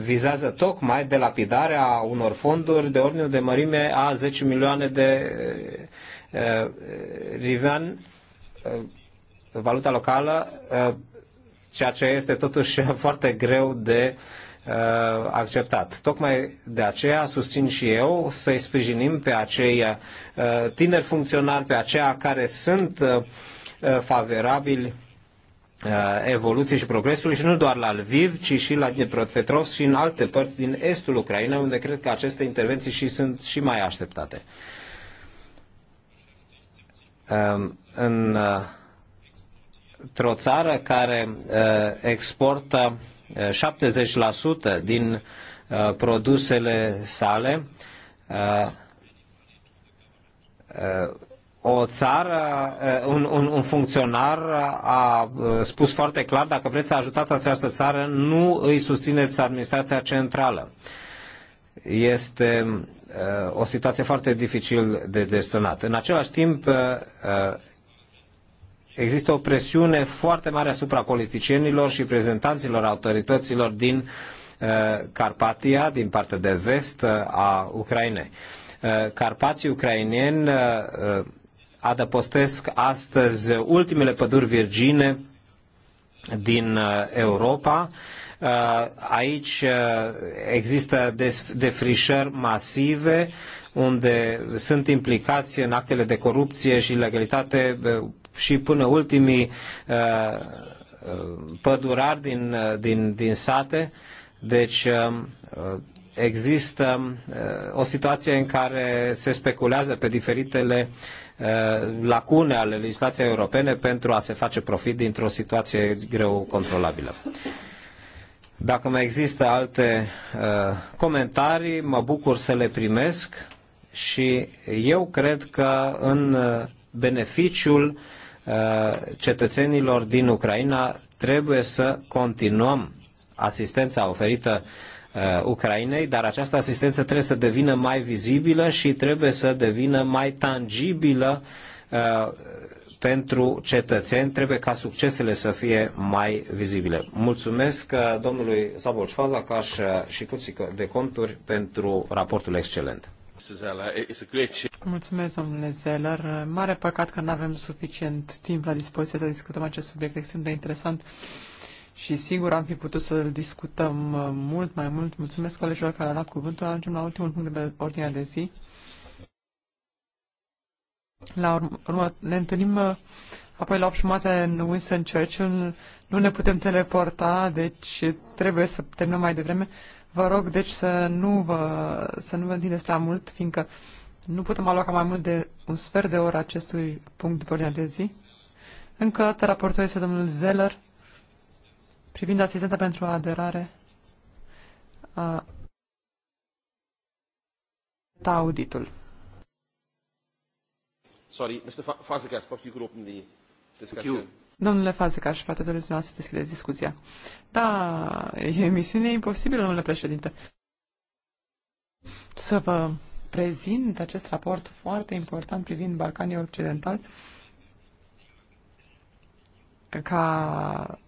B: vizează tocmai delapidarea unor fonduri de ordinul de mărime a 10 milioane de rivan, valuta locală, ceea ce este totuși foarte greu de acceptat. Tocmai de aceea susțin și eu să-i sprijinim pe acei tineri funcționari, pe aceia care sunt favorabili Uh, evoluție și progresul și nu doar la Lviv, ci și la Dnipropetrovsk și în alte părți din estul Ucrainei, unde cred că aceste intervenții și sunt și mai așteptate. Um, în uh, într-o țară care uh, exportă 70% din produsele sale, o țară, eh, un, un, un funcționar a eh, spus foarte clar, dacă vreți să ajutați această țară, nu îi susțineți administrația centrală. Este eh, o situație foarte dificil de gestionat. În același timp, există o presiune foarte mare asupra politicienilor și prezentanților autorităților din Carpatia, din partea de vest a Ucrainei. Carpații ucraineni adăpostesc astăzi ultimele păduri virgine din uh, Europa. Uh, aici uh, există defrișări masive unde sunt implicați în actele de corupție și ilegalitate și până ultimii pădurari din, din, din sate. Deci există o situație în care se speculează pe diferitele Uh, lacune ale legislației europene pentru a se face profit dintr-o situație greu controlabilă. Dacă mai există alte uh, comentarii, mă bucur să le primesc și eu cred că în uh, beneficiul cetățenilor din Ucraina trebuie să continuăm asistența oferită Uh, Ucrainei, dar această asistență trebuie să devină mai vizibilă și trebuie să devină mai tangibilă uh, pentru cetățeni, trebuie ca succesele să fie mai vizibile. Mulțumesc uh, domnului Sabol ca și Curții de Conturi pentru raportul excelent.
C: Mulțumesc, domnule Zeller. Mare păcat că nu avem suficient timp la dispoziție să discutăm acest subiect extrem de interesant și sigur am fi putut să discutăm uh, mult mai mult. Mulțumesc colegilor care au dat cuvântul. Ajungem la ultimul punct de ordine ordinea de zi. La urmă, ne întâlnim uh, apoi la 8 în Winston Churchill. Nu ne putem teleporta, deci trebuie să terminăm mai devreme. Vă rog, deci, să nu vă, să nu vă întindeți prea mult, fiindcă nu putem aloca mai mult de un sfert de oră acestui punct de ordine de zi. Încă dată, raportul este domnul Zeller privind asistența pentru aderare a auditul.
B: Sorry, Mr. Fazekas, perhaps you could open the
C: discussion. Domnule Fazekas, poate doriți să deschideți discuția. Da, e misiune imposibilă, domnule președinte. Să vă prezint acest raport foarte important privind Balcanii Occidentali ca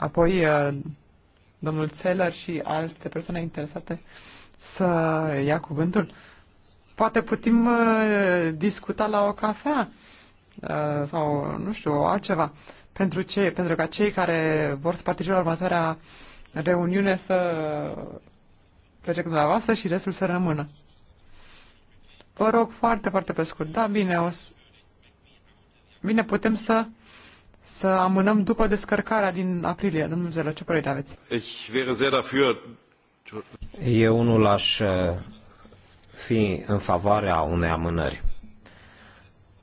C: apoi uh, domnul Țeler și alte persoane interesate să ia cuvântul. Poate putem uh, discuta la o cafea uh, sau, nu știu, altceva. Pentru, ce? Pentru ca cei care vor să participe la următoarea reuniune să plece cu dumneavoastră și restul să rămână. Vă rog foarte, foarte pe scurt. Da, bine, o să... Bine, putem să să amânăm după descărcarea din aprilie. Domnul Zelă, ce părere aveți?
B: Eu unul aș uh, fi în favoarea unei amânări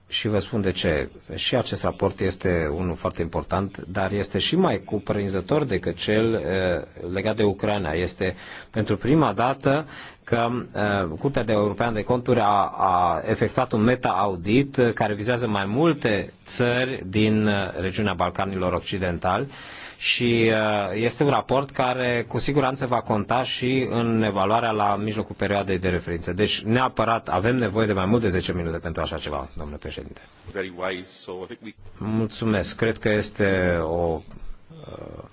B: și vă spun de ce. Și acest raport este unul foarte important, dar este și mai cuprinzător decât cel uh, legat de Ucraina. Este pentru prima dată că uh, Curtea de Europeană de Conturi a, a efectuat un meta-audit care vizează mai multe țări din uh, regiunea Balcanilor Occidentali și uh, este un raport care cu siguranță va conta și în evaluarea la mijlocul perioadei de referință. Deci neapărat avem nevoie de mai mult de 10 minute pentru așa ceva, domnule președinte. Mulțumesc. Cred că este o uh,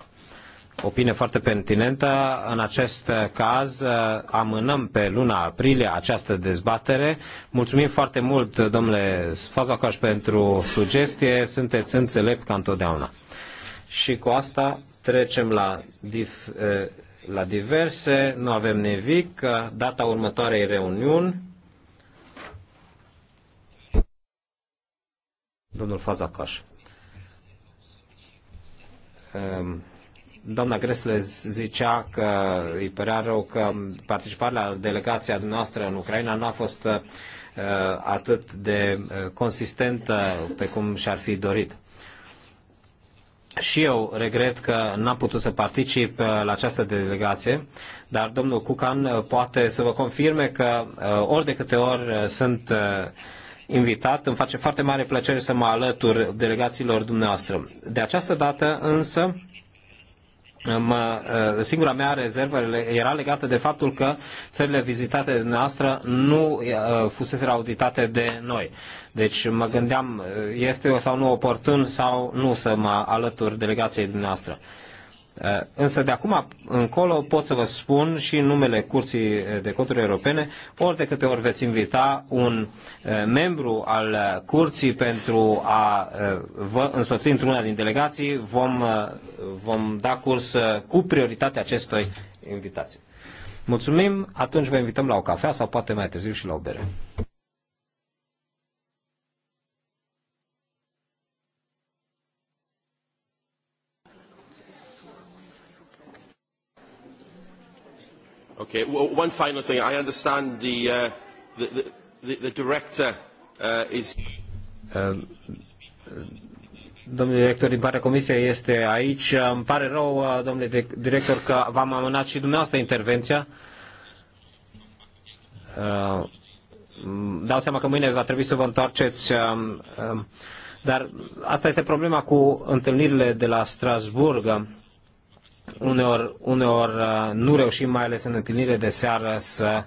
B: opinie foarte pertinentă. În acest caz uh, amânăm pe luna aprilie această dezbatere. Mulțumim foarte mult, domnule Fazacaș, pentru sugestie. Sunteți înțelept ca întotdeauna și cu asta trecem la, dif, la diverse, nu avem nevic, data următoarei reuniuni. Domnul Fazacaș. Doamna Gresle zicea că îi părea rău că participarea la delegația noastră în Ucraina nu a fost atât de consistentă pe cum și-ar fi dorit și eu regret că n-am putut să particip uh, la această delegație, dar domnul Cucan uh, poate să vă confirme că uh, ori de câte ori sunt invitat, îmi face foarte mare plăcere să mă alătur delegațiilor dumneavoastră. De această dată însă Mă, uh, singura mea rezervă era legată de faptul că țările vizitate de noastră nu uh, fuseseră auditate de noi. Deci mă gândeam, uh, este sau nu oportun sau nu să mă alătur delegației dumneavoastră. De Eh, însă de acum încolo pot să vă spun și în numele Curții de Coturi Europene, ori de câte ori veți invita un eh, membru al Curții pentru a eh, vă însoți într-una din delegații, vom, vom da curs cu prioritate acestui invitații. Mulțumim, atunci vă invităm la o cafea sau poate mai târziu și la o bere.
A: Okay, well, one final thing. I understand the, uh, the, the, the director uh, is...
B: Um, domnul director din partea comisiei este aici. Îmi pare rău, uh, domnule director, că v-am amânat și dumneavoastră intervenția. Uh, dau seama că mâine va trebui să vă întoarceți, um, um, dar asta este problema cu întâlnirile de la Strasburg uneori, uneori uh, nu reușim, mai ales în întâlnire de seară, să